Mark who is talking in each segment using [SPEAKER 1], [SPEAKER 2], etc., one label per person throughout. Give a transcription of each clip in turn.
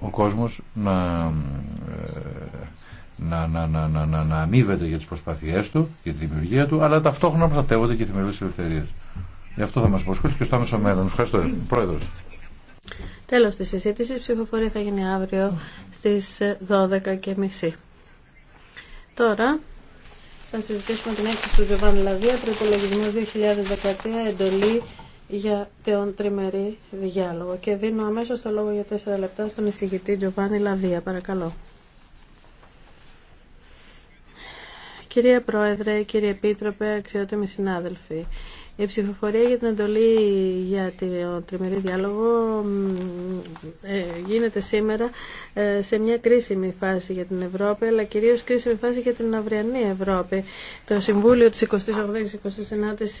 [SPEAKER 1] ο κόσμος να, ε, να, να, να, να, να, να αμείβεται για τις προσπάθειές του, για τη δημιουργία του, αλλά ταυτόχρονα προστατεύονται και οι θεμελιώδεις ελευθερίες. Γι' αυτό θα μας προσχωρήσει και στο άμεσο μέλλον. Ευχαριστώ, Πρόεδρος.
[SPEAKER 2] Τέλος της συζήτησης, η ψηφοφορία θα γίνει αύριο στις 12.30. Τώρα θα συζητήσουμε την έκθεση του Ζεβάν Λαβία, προπολογισμό 2013, εντολή για τον τριμερή διάλογο και δίνω αμέσως το λόγο για τέσσερα λεπτά στον εισηγητή Τζοβάνι Λαβία. Παρακαλώ. Κυρία Πρόεδρε, κύριε Επίτροπε, αξιότιμοι συνάδελφοι. Η ψηφοφορία για την εντολή για το τριμερή διάλογο ε, γίνεται σήμερα ε, σε μια κρίσιμη φάση για την Ευρώπη, αλλά κυρίως κρίσιμη φάση για την αυριανή Ευρώπη. Το Συμβούλιο της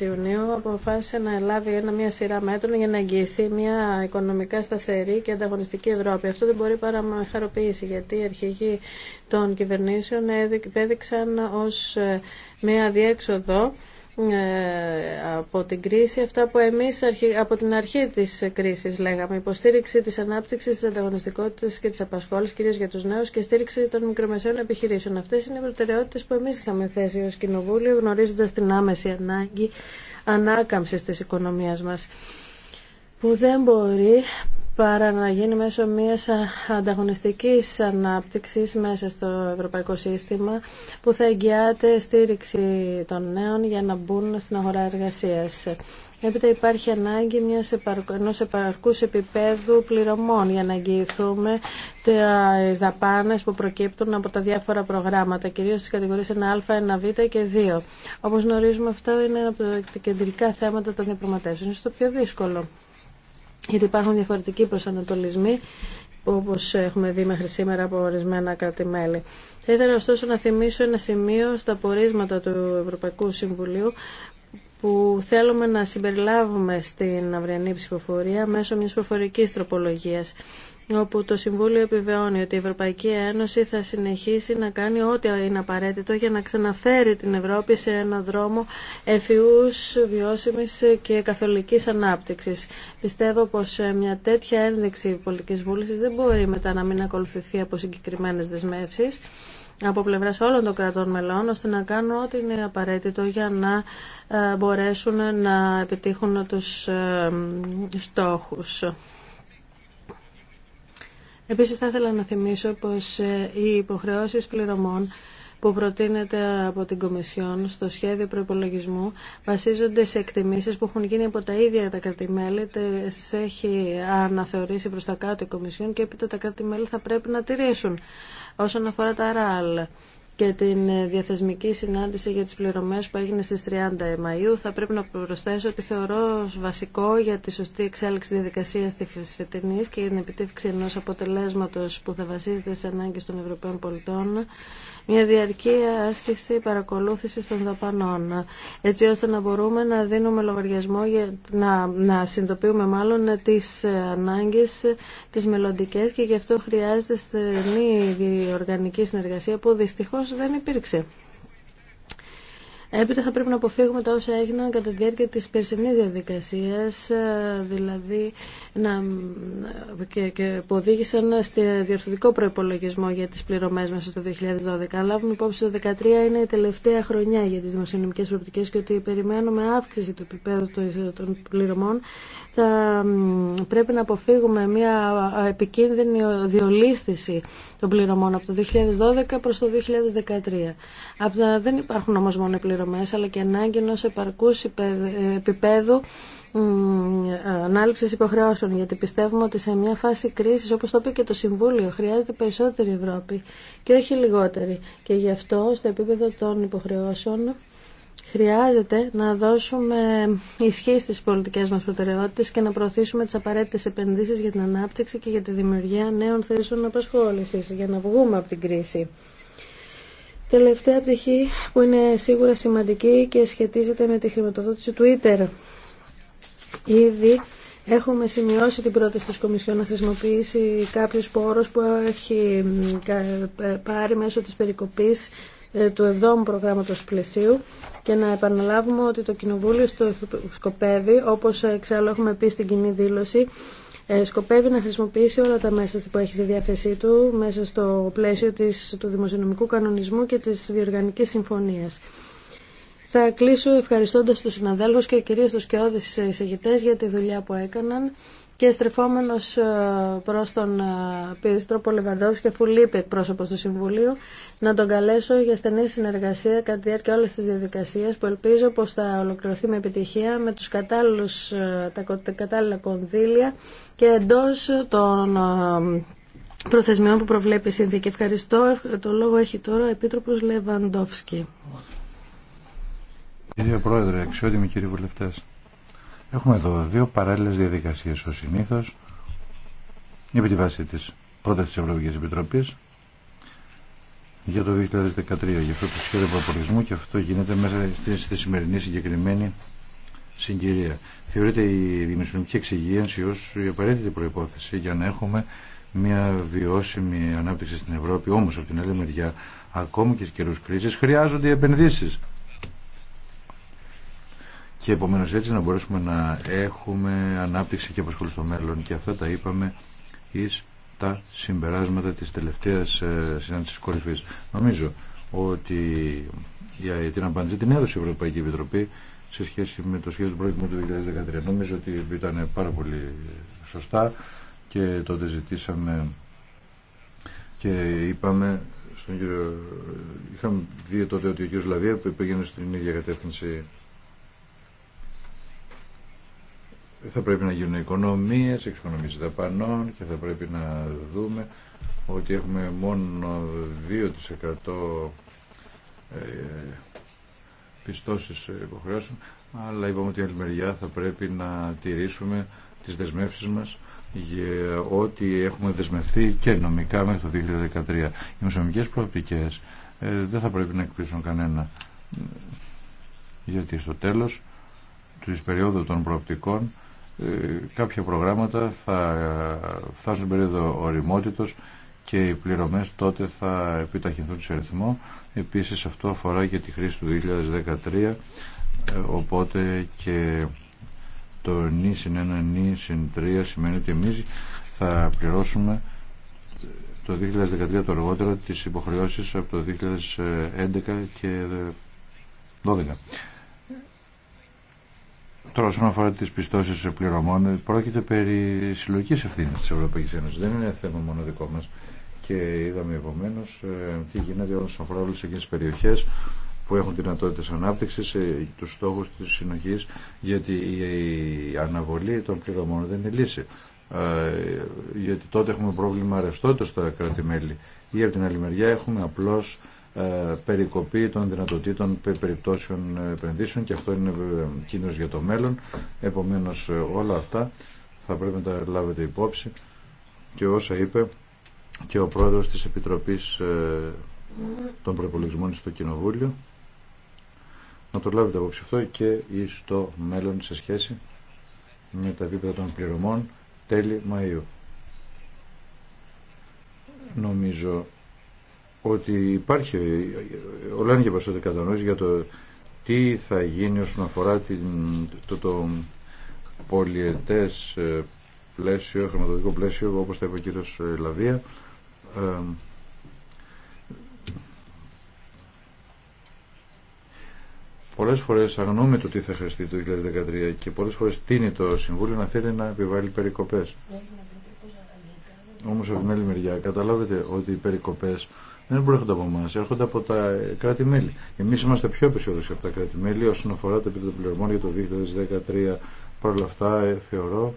[SPEAKER 2] 28-29 Ιουνίου αποφάσισε να ελαβει ένα, μια σειρά μέτρων για να εγγυηθεί μια οικονομικά σταθερή και ανταγωνιστική Ευρώπη. Αυτό δεν μπορεί παρά να χαροποιήσει, γιατί οι αρχηγοί των κυβερνήσεων έδειξαν ως ε, μια διέξοδο ε, από την κρίση αυτά που εμείς από την αρχή της κρίσης λέγαμε υποστήριξη της ανάπτυξης, της ανταγωνιστικότητας και της απασχόλησης κυρίως για τους νέους και στήριξη των μικρομεσαίων επιχειρήσεων. Αυτές είναι οι προτεραιότητες που εμείς είχαμε θέσει ως Κοινοβούλιο γνωρίζοντας την άμεση ανάγκη ανάκαμψης της οικονομίας μας που δεν μπορεί παρά να γίνει μέσω μιας ανταγωνιστικής ανάπτυξης μέσα στο ευρωπαϊκό σύστημα που θα εγγυάται στήριξη των νέων για να μπουν στην αγορά εργασίας. Έπειτα υπάρχει ανάγκη μιας επαρκ... ενός επαρκούς επίπεδου πληρωμών για να εγγυηθούμε τις δαπάνες που προκύπτουν από τα διάφορα προγράμματα, κυρίως στις κατηγορίες 1α, 1β και 2. Όπως γνωρίζουμε αυτό είναι ένα από τα κεντρικά θέματα των διαπραγματεύσεων. Είναι στο πιο δύσκολο γιατί υπάρχουν διαφορετικοί προσανατολισμοί όπως έχουμε δει μέχρι σήμερα από ορισμένα κράτη-μέλη. Θα ήθελα ωστόσο να θυμίσω ένα σημείο στα πορίσματα του Ευρωπαϊκού Συμβουλίου που θέλουμε να συμπεριλάβουμε στην αυριανή ψηφοφορία μέσω μιας προφορικής τροπολογίας όπου το Συμβούλιο επιβεώνει ότι η Ευρωπαϊκή Ένωση θα συνεχίσει να κάνει ό,τι είναι απαραίτητο για να ξαναφέρει την Ευρώπη σε ένα δρόμο εφιούς, βιώσιμης και καθολικής ανάπτυξης. Πιστεύω πως ε, μια τέτοια ένδειξη πολιτικής βούλησης δεν μπορεί μετά να μην ακολουθηθεί από συγκεκριμένες δεσμεύσεις από πλευράς όλων των κρατών μελών, ώστε να κάνουν ό,τι είναι απαραίτητο για να ε, μπορέσουν να επιτύχουν τους ε, στόχους. Επίσης θα ήθελα να θυμίσω πως ε, οι υποχρεώσεις πληρωμών που προτείνεται από την Κομισιόν στο σχέδιο προπολογισμού βασίζονται σε εκτιμήσεις που έχουν γίνει από τα ίδια τα κρατημέλη, μελη τις έχει αναθεωρήσει προς τα κάτω η Κομισιόν και έπειτα τα κρατημέλη θα πρέπει να τηρήσουν όσον αφορά τα ΡΑΛ και την ε, διαθεσμική συνάντηση για τις πληρωμές που έγινε στις 30 Μαΐου θα πρέπει να προσθέσω ότι θεωρώ βασικό για τη σωστή εξέλιξη διαδικασία τη φετινή και για την επιτύχηση ενός αποτελέσματος που θα βασίζεται στις ανάγκες των Ευρωπαίων πολιτών μια διαρκή άσκηση παρακολούθησης των δαπανών, έτσι ώστε να μπορούμε να δίνουμε λογαριασμό, να, να συνειδητοποιούμε μάλλον τις ανάγκες, τις μελλοντικέ και γι' αυτό χρειάζεται στενή οργανική συνεργασία που δυστυχώς δεν υπήρξε. Έπειτα θα πρέπει να αποφύγουμε τα όσα έγιναν κατά τη διάρκεια της περσινής διαδικασίας, ε, δηλαδή να, και, που οδήγησαν στη διορθωτικό προπολογισμό για τις πληρωμές μέσα στο 2012. Αν λάβουμε υπόψη το 2013 είναι η τελευταία χρονιά για τις δημοσιονομικές προοπτικές και ότι περιμένουμε αύξηση του επίπεδου των πληρωμών θα πρέπει να αποφύγουμε μια επικίνδυνη διολίσθηση των πληρωμών από το 2012 προς το 2013. δεν υπάρχουν όμως μόνο οι πληρωμές, αλλά και ανάγκη ενός επαρκούς επίπεδου ανάληψης υποχρεώσεων, γιατί πιστεύουμε ότι σε μια φάση κρίσης, όπως το είπε και το Συμβούλιο, χρειάζεται περισσότερη Ευρώπη και όχι λιγότερη. Και γι' αυτό, στο επίπεδο των υποχρεώσεων, Χρειάζεται να δώσουμε ισχύ στις πολιτικές μας προτεραιότητε και να προωθήσουμε τι απαραίτητε επενδύσεις για την ανάπτυξη και για τη δημιουργία νέων θέσεων απασχόληση για να βγούμε από την κρίση. Τελευταία πτυχή που είναι σίγουρα σημαντική και σχετίζεται με τη χρηματοδότηση Twitter. Ήδη Έχουμε σημειώσει την πρόταση της Κομισιόν να χρησιμοποιήσει κάποιους πόρους που έχει πάρει μέσω της περικοπής ε, του 7ου του πλαισίου και να επαναλάβουμε ότι το Κοινοβούλιο στο σκοπεύει, όπως ε, εξάλλου έχουμε πει στην κοινή δήλωση, ε, σκοπεύει να χρησιμοποιήσει όλα τα μέσα που έχει στη διάθεσή του μέσα στο πλαίσιο της, του δημοσιονομικού κανονισμού και της Διοργανική συμφωνίας. Θα κλείσω ευχαριστώντας του συναδέλφους και κυρίως τους σκιώδεις εισηγητές για τη δουλειά που έκαναν. Και στρεφόμενο ε, προ τον ε, Πίστροπο Λεβαντόφσκι, αφού λείπει εκπρόσωπο του Συμβουλίου, να τον καλέσω για στενή συνεργασία κατά τη διάρκεια όλες τις διαδικασίες που ελπίζω πω θα ολοκληρωθεί με επιτυχία με τους κατάλληλους, ε, τα κατάλληλα κονδύλια και εντό των προθεσμιών που προβλέπει η συνθήκη. Ευχαριστώ. Το λόγο έχει τώρα ο Επίτροπος Λεβαντόφσκι.
[SPEAKER 1] Κύριε Πρόεδρε, αξιότιμοι κύριοι βουλευτές. Έχουμε εδώ δύο παράλληλες διαδικασίες ως συνήθως επί τη βάση της πρώτη της Ευρωπαϊκής Επιτροπής για το 2013 για αυτό το σχέδιο προπολογισμού και αυτό γίνεται μέσα στη σημερινή συγκεκριμένη συγκυρία. Θεωρείται η δημοσιονομική εξυγίανση ως η απαραίτητη προϋπόθεση για να έχουμε μια βιώσιμη ανάπτυξη στην Ευρώπη. Όμως από την άλλη μεριά, ακόμη και σε καιρούς κρίση χρειάζονται οι επενδύσεις και επομένως έτσι να μπορέσουμε να έχουμε ανάπτυξη και απασχολή στο μέλλον και αυτά τα είπαμε ει τα συμπεράσματα της τελευταίας ε, συνάντησης κορυφη Νομίζω ότι για την απάντηση την έδωσε η Ευρωπαϊκή Επιτροπή σε σχέση με το σχέδιο του πρόγραμμα του 2013. Νομίζω ότι ήταν πάρα πολύ σωστά και τότε ζητήσαμε και είπαμε στον κύριο... Είχαμε δει τότε ότι ο κύριος Λαβία πήγαινε στην ίδια κατεύθυνση θα πρέπει να γίνουν οικονομίες, εξοικονομίες δαπανών και θα πρέπει να δούμε ότι έχουμε μόνο 2% ε, πιστώσεις υποχρεώσεων αλλά είπαμε ότι η άλλη μεριά θα πρέπει να τηρήσουμε τις δεσμεύσεις μας για ό,τι έχουμε δεσμευθεί και νομικά μέχρι το 2013. Οι μεσονομικές προοπτικές ε, δεν θα πρέπει να εκπλήσουν κανένα γιατί στο τέλος της περίοδου των προοπτικών κάποια προγράμματα θα φτάσουν περίοδο οριμότητος και οι πληρωμές τότε θα επιταχυνθούν σε ρυθμό. Επίσης αυτό αφορά και τη χρήση του 2013, οπότε και το νη συν 1, νη συν 3 σημαίνει ότι εμείς θα πληρώσουμε το 2013 το αργότερο τις υποχρεώσεις από το 2011 και 2012. Τώρα, όσον αφορά τι πιστώσει πληρωμών, πρόκειται περί συλλογική ευθύνη τη Ευρωπαϊκή Ένωση. Δεν είναι θέμα μόνο δικό μα. Και είδαμε επομένω ε, τι γίνεται όσον αφορά όλε εκείνε τι περιοχέ που έχουν δυνατότητε ανάπτυξη, ε, του στόχου τη συνοχή, γιατί η αναβολή των πληρωμών δεν είναι λύση. Ε, γιατί τότε έχουμε πρόβλημα ρευστότητα στα κράτη-μέλη. Ή από την άλλη μεριά έχουμε απλώ ε, περικοπή των δυνατοτήτων περιπτώσεων ε, επενδύσεων και αυτό είναι ε, κίνδυνος για το μέλλον. Επομένως όλα αυτά θα πρέπει να τα λάβετε υπόψη και όσα είπε και ο πρόεδρος της Επιτροπής των Προπολογισμών στο Κοινοβούλιο να το λάβετε απόψη αυτό και στο μέλλον σε σχέση με τα επίπεδα των πληρωμών τέλη Μαΐου. Νομίζω ότι υπάρχει ο και περισσότερη κατανόηση για το τι θα γίνει όσον αφορά την, το, το πολιετές ε, πλαίσιο, χρηματοδοτικό πλαίσιο όπως τα είπε ο κύριος ε, Λαβία ε, πολλές φορές αγνοούμε το τι θα χρειαστεί το 2013 και πολλές φορές τίνει το Συμβούλιο να θέλει να επιβάλλει περικοπές. Όμως από την άλλη μεριά καταλάβετε ότι οι περικοπές δεν προέρχονται από εμά, έρχονται από τα κράτη-μέλη. Εμεί είμαστε πιο απεσιόδοξοι από τα κράτη-μέλη όσον αφορά το επίπεδο πληρωμών για το 2013. Παρ' όλα αυτά ε, θεωρώ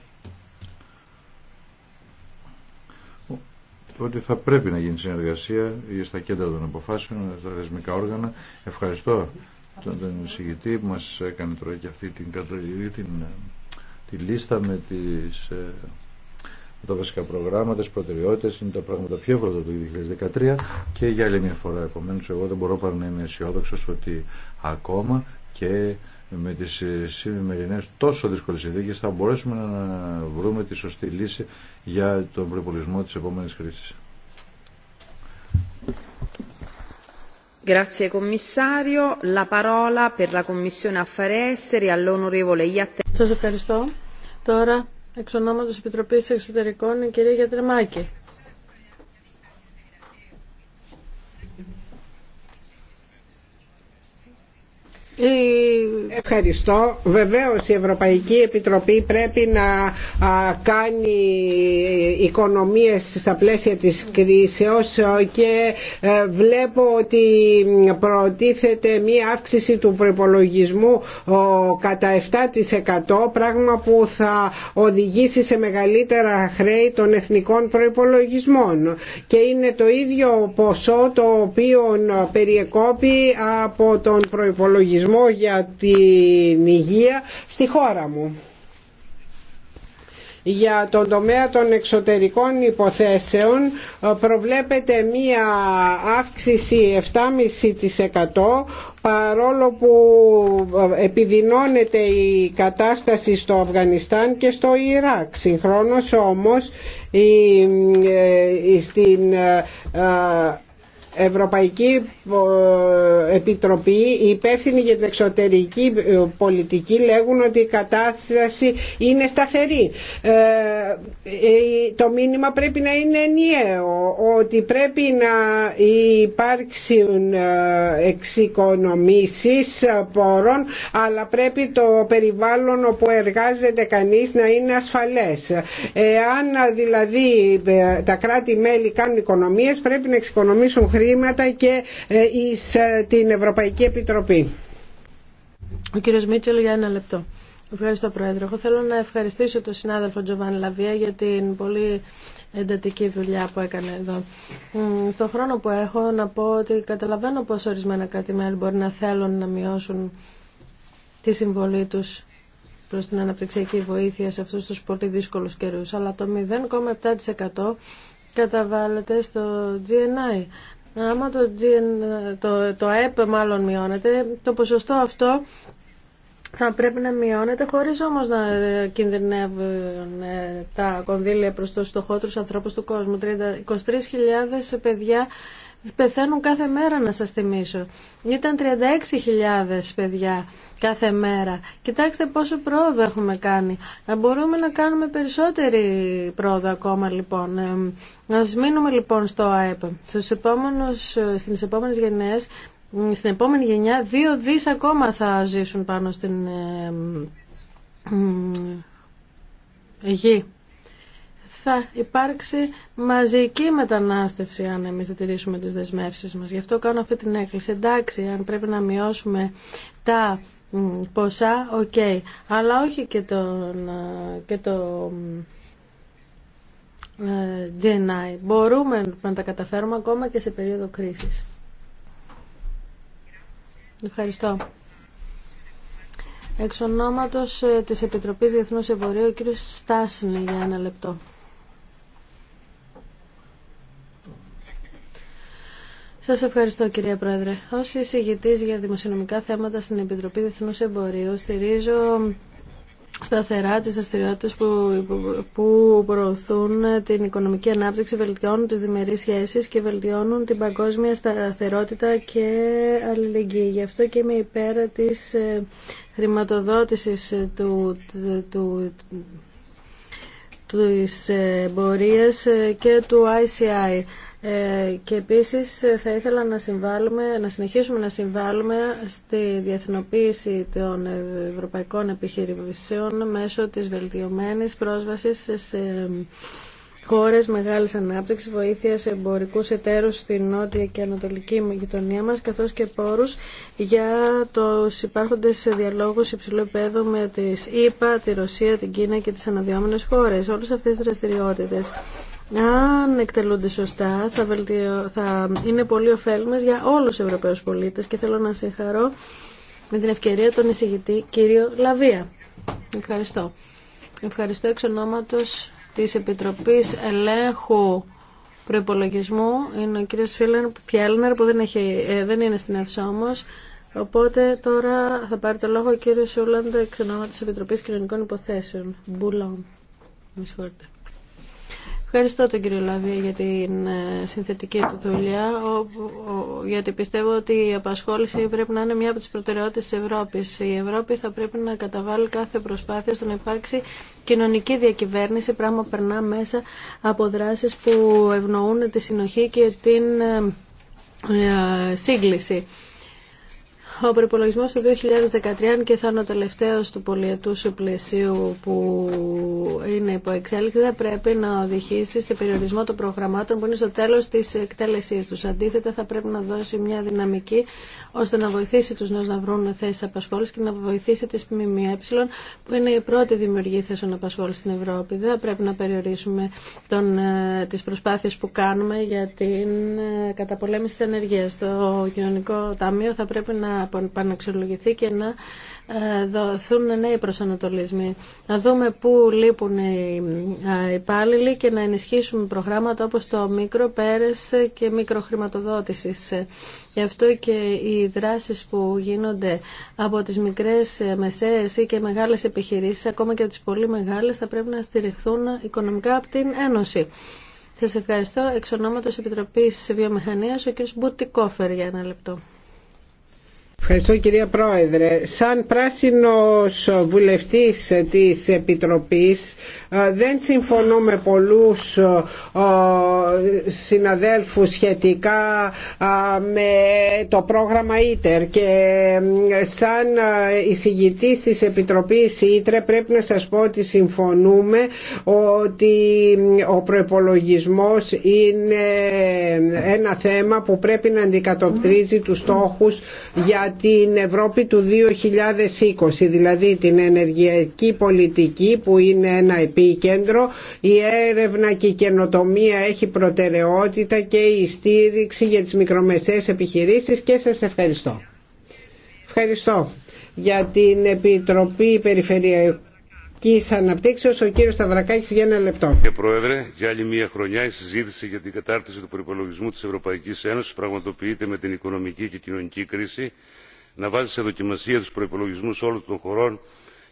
[SPEAKER 1] ότι θα πρέπει να γίνει συνεργασία στα κέντρα των αποφάσεων, στα θεσμικά όργανα. Ευχαριστώ τον, τον που μας έκανε τώρα και αυτή την, την, ε, τη λίστα με τις ε, τα βασικά προγράμματα, τι προτεραιότητε, είναι τα πράγματα πιο εύκολα του 2013 και για άλλη μια φορά. Επομένω, εγώ δεν μπορώ παρά να είμαι αισιόδοξο ότι ακόμα και με τι ε, σημερινέ τόσο δύσκολε συνθήκε θα μπορέσουμε να βρούμε τη σωστή λύση για τον προπολισμό τη επόμενη κρίση.
[SPEAKER 2] Grazie Commissario. La parola per la Commissione Affari Esteri all'onorevole Εξ ονόματος Επιτροπής Εξωτερικών, η κυρία Γιατρεμάκη.
[SPEAKER 3] Ευχαριστώ. Βεβαίως η Ευρωπαϊκή Επιτροπή πρέπει να κάνει οικονομίες στα πλαίσια της κρίσεως και ε, βλέπω ότι προτίθεται μία αύξηση του προπολογισμού κατά 7% πράγμα που θα οδηγήσει σε μεγαλύτερα χρέη των εθνικών προϋπολογισμών και είναι το ίδιο ποσό το οποίο περιεκόπη από τον προπολογισμό για την υγεία στη χώρα μου για τον τομέα των εξωτερικών υποθέσεων ε, προβλέπεται μία αύξηση 7,5% παρόλο που ε, επιδεινώνεται η κατάσταση στο Αφγανιστάν και στο Ιράκ. Συγχρόνως όμως η, ε, στην Ευρωπαϊκή Επιτροπή, οι υπεύθυνοι για την εξωτερική ε, πολιτική λέγουν ότι η κατάσταση είναι σταθερή. Ε, ε, το μήνυμα πρέπει να είναι ενιαίο, ότι πρέπει να υπάρξουν εξοικονομήσεις πόρων, αλλά πρέπει το περιβάλλον όπου εργάζεται κανείς να είναι ασφαλές. Εάν δηλαδή τα κράτη-μέλη κάνουν οικονομίες, πρέπει να εξοικονομήσουν χρήματα χρήματα και ε, εις ε, την Ευρωπαϊκή Επιτροπή.
[SPEAKER 2] Ο κύριος Μίτσελ για ένα λεπτό. Ευχαριστώ Πρόεδρε. Εγώ θέλω να ευχαριστήσω τον συνάδελφο Τζοβάν Λαβία για την πολύ εντατική δουλειά που έκανε εδώ. Στον χρόνο που έχω να πω ότι καταλαβαίνω πως ορισμένα κράτη-μέλη μπορεί να θέλουν να μειώσουν τη συμβολή τους προς την αναπτυξιακή βοήθεια σε αυτούς τους πολύ δύσκολου καιρού. Αλλά το 0,7% καταβάλλεται στο GNI. Άμα το, το, το ΑΕΠ μάλλον μειώνεται, το ποσοστό αυτό θα πρέπει να μειώνεται χωρίς όμως να κινδυνεύουν τα κονδύλια προς τους στοχότερους ανθρώπους του κόσμου. 23.000 παιδιά πεθαίνουν κάθε μέρα να σας θυμίσω. Ήταν 36.000 παιδιά κάθε μέρα. Κοιτάξτε πόσο πρόοδο έχουμε κάνει. Μπορούμε να κάνουμε περισσότερη πρόοδο ακόμα λοιπόν. Να ε, μείνουμε λοιπόν στο ΑΕΠ. Στους επόμενους, ε, στις επόμενες γενιές, στην επόμενη γενιά, δύο δις ακόμα θα ζήσουν πάνω στην ε, γη. Θα υπάρξει μαζική μετανάστευση αν εμείς δεν τηρήσουμε τις δεσμεύσεις μας. Γι' αυτό κάνω αυτή την έκκληση. Εντάξει, αν πρέπει να μειώσουμε τα ποσά, οκ. Αλλά όχι και το, ε, και το ε, Μπορούμε να τα καταφέρουμε ακόμα και σε περίοδο κρίσης. Ευχαριστώ. Εξ ονόματος ε, της Επιτροπής Διεθνούς Εμπορίου, ο κύριος Στάσινη για ένα λεπτό. Σας ευχαριστώ κυρία Πρόεδρε. Ως εισηγητής για δημοσιονομικά θέματα στην Επιτροπή Διεθνούς Εμπορίου στηρίζω σταθερά τις δραστηριότητε που, που προωθούν την οικονομική ανάπτυξη, βελτιώνουν τις διμερείς σχέσεις και βελτιώνουν την παγκόσμια σταθερότητα και αλληλεγγύη. Γι' αυτό και είμαι υπέρα της ε, χρηματοδότησης του, του, του της εμπορίας ε, και του ICI. Ε, και επίσης ε, θα ήθελα να, συμβάλουμε να συνεχίσουμε να συμβάλλουμε στη διεθνοποίηση των ε, ευρωπαϊκών επιχειρήσεων μέσω της βελτιωμένης πρόσβασης σε χώρες μεγάλης ανάπτυξης, βοήθεια σε εμπορικούς εταίρους στην νότια και ανατολική γειτονία μας, καθώς και πόρους για τους υπάρχοντες διαλόγους υψηλού επέδου με τις ΗΠΑ, τη Ρωσία, την Κίνα και τις αναδυόμενες χώρες. Όλες αυτές τις δραστηριότητες αν εκτελούνται σωστά, θα, βελτιω... θα είναι πολύ ωφέλιμε για όλους τους Ευρωπαίους πολίτες και θέλω να συγχαρώ με την ευκαιρία τον εισηγητή κύριο Λαβία. Ευχαριστώ. Ευχαριστώ εξ ονόματος της Επιτροπής Ελέγχου Προϋπολογισμού. Είναι ο κύριος Φιέλνερ που δεν, έχει, ε, δεν είναι στην αίθουσα όμως. Οπότε τώρα θα πάρει το λόγο ο κύριος Σούλαντ εξ ονόματος της Επιτροπής Κοινωνικών Υποθέσεων. Μπουλόν. Με συγχωρείτε. Ευχαριστώ τον κύριο Λαβία για την ε, συνθετική του δουλειά, γιατί πιστεύω ότι η απασχόληση πρέπει να είναι μια από τις προτεραιότητες της Ευρώπης. Η Ευρώπη θα πρέπει να καταβάλει κάθε προσπάθεια στο να υπάρξει κοινωνική διακυβέρνηση, πράγμα που περνά μέσα από δράσεις που ευνοούν τη συνοχή και την ε, ε, σύγκληση. Ο προπολογισμό του 2013, και θα είναι ο τελευταίο του πολιετού πλαισίου που είναι υπό εξέλιξη, θα πρέπει να οδηγήσει σε περιορισμό των προγραμμάτων που είναι στο τέλο τη εκτέλεσή του. Αντίθετα, θα πρέπει να δώσει μια δυναμική ώστε να βοηθήσει του νέου να βρουν θέσει απασχόληση και να βοηθήσει τι ΜΜΕ, που είναι η πρώτη δημιουργή θέσεων απασχόληση στην Ευρώπη. Δεν πρέπει να περιορίσουμε ε, τι προσπάθειε που κάνουμε για την ε, καταπολέμηση τη ενεργεία. Το κοινωνικό ταμείο θα πρέπει να επαναξιολογηθεί και να ε, δοθούν νέοι προσανατολισμοί. Να δούμε πού λείπουν οι ε, υπάλληλοι και να ενισχύσουμε προγράμματα όπως το μικρό πέρες και μικροχρηματοδότησης. Γι' αυτό και οι δράσεις που γίνονται από τις μικρές, ε, μεσαίες ή και μεγάλες επιχειρήσεις, ακόμα και από τις πολύ μεγάλες, θα πρέπει να στηριχθούν οικονομικά από την Ένωση. Σας ευχαριστώ. Εξ ονόματος Επιτροπής Βιομηχανίας, ο κ. Μπουτικόφερ για ένα λεπτό.
[SPEAKER 3] Ευχαριστώ κυρία Πρόεδρε. Σαν πράσινος βουλευτής της Επιτροπής δεν συμφωνώ με πολλούς συναδέλφους σχετικά με το πρόγραμμα ΙΤΕΡ και σαν εισηγητής της Επιτροπής ΙΤΡΕ πρέπει να σας πω ότι συμφωνούμε ότι ο προϋπολογισμός είναι ένα θέμα που πρέπει να αντικατοπτρίζει τους στόχους για την Ευρώπη του 2020 δηλαδή την ενεργειακή πολιτική που είναι ένα επίπεδο η έρευνα και η καινοτομία έχει προτεραιότητα και η στήριξη για τις μικρομεσαίες επιχειρήσεις και σας ευχαριστώ. Ευχαριστώ για την Επιτροπή Περιφερειακής Αναπτύξεως, ο κύριος Σταυρακάκης για ένα λεπτό.
[SPEAKER 4] Κύριε Πρόεδρε, για άλλη μια χρονιά η συζήτηση για την κατάρτιση του προπολογισμού της Ευρωπαϊκής Ένωσης πραγματοποιείται με την οικονομική και κοινωνική κρίση να βάζει σε δοκιμασία τους προϋπολογισμούς όλων των χωρών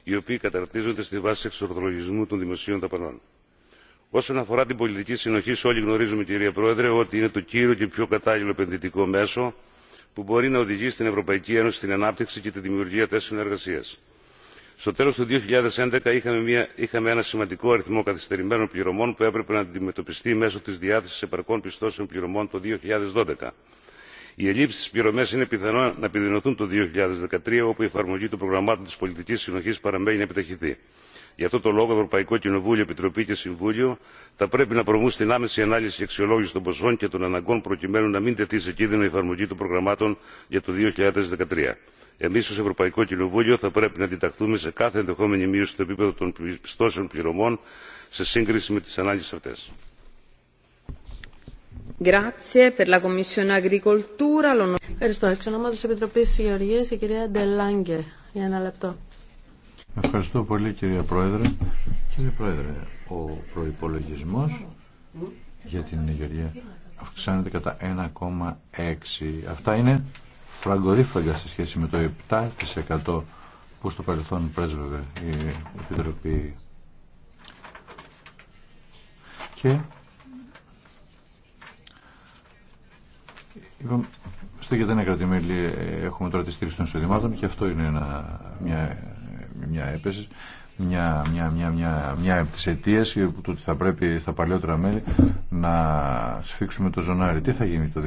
[SPEAKER 4] οι οποίοι καταρτίζονται στη βάση εξορθολογισμού των δημοσίων δαπανών. όσον αφορά την πολιτική συνοχή όλοι γνωρίζουμε κυρία πρόεδρε ότι είναι το κύριο και πιο κατάλληλο επενδυτικό μέσο που μπορεί να οδηγήσει την ευρωπαϊκή ένωση στην ανάπτυξη και τη δημιουργία θέσεων εργασία. στο τέλο του 2011 είχαμε, μια, είχαμε ένα σημαντικό αριθμό καθυστερημένων πληρωμών που έπρεπε να αντιμετωπιστεί μέσω τη διάθεση επαρκών πιστώσεων πληρωμών το 2012 οι ελλείψει στι πληρωμέ είναι πιθανό να επιδεινωθούν το 2013, όπου η εφαρμογή των προγραμμάτων τη πολιτική συνοχή παραμένει να επιταχυθεί. Γι' αυτό το λόγο, το Ευρωπαϊκό Κοινοβούλιο, Επιτροπή και Συμβούλιο θα πρέπει να προβούν στην άμεση ανάλυση και αξιολόγηση των ποσών και των αναγκών, προκειμένου να μην τεθεί σε κίνδυνο η εφαρμογή των προγραμμάτων για το 2013. Εμεί, ω Ευρωπαϊκό Κοινοβούλιο, θα πρέπει να αντιταχθούμε σε κάθε ενδεχόμενη μείωση του επίπεδο των πιστώσεων πληρωμών σε σύγκριση με τι ανάγκε αυτέ.
[SPEAKER 2] Ευχαριστώ. Εξ ονόματο Επιτροπή Γεωργία, η κυρία Ντελάγκε. Για ένα λεπτό.
[SPEAKER 1] Ευχαριστώ πολύ, κυρία Πρόεδρε. Κύριε Πρόεδρε, ο προπολογισμό για την Γεωργία αυξάνεται κατά 1,6. Αυτά είναι φραγκορίφραγκα σε σχέση με το 7% που στο παρελθόν πρέσβευε η Επιτροπή. Και Λοιπόν, στο για τα κρατημέλη ε, έχουμε τώρα τη στήριξη των εισοδημάτων και αυτό είναι μια, μια μια, μια, μια, μια, μια από τις αιτίες του ότι θα πρέπει στα παλαιότερα μέλη να σφίξουμε το ζωνάρι. Τι θα γίνει το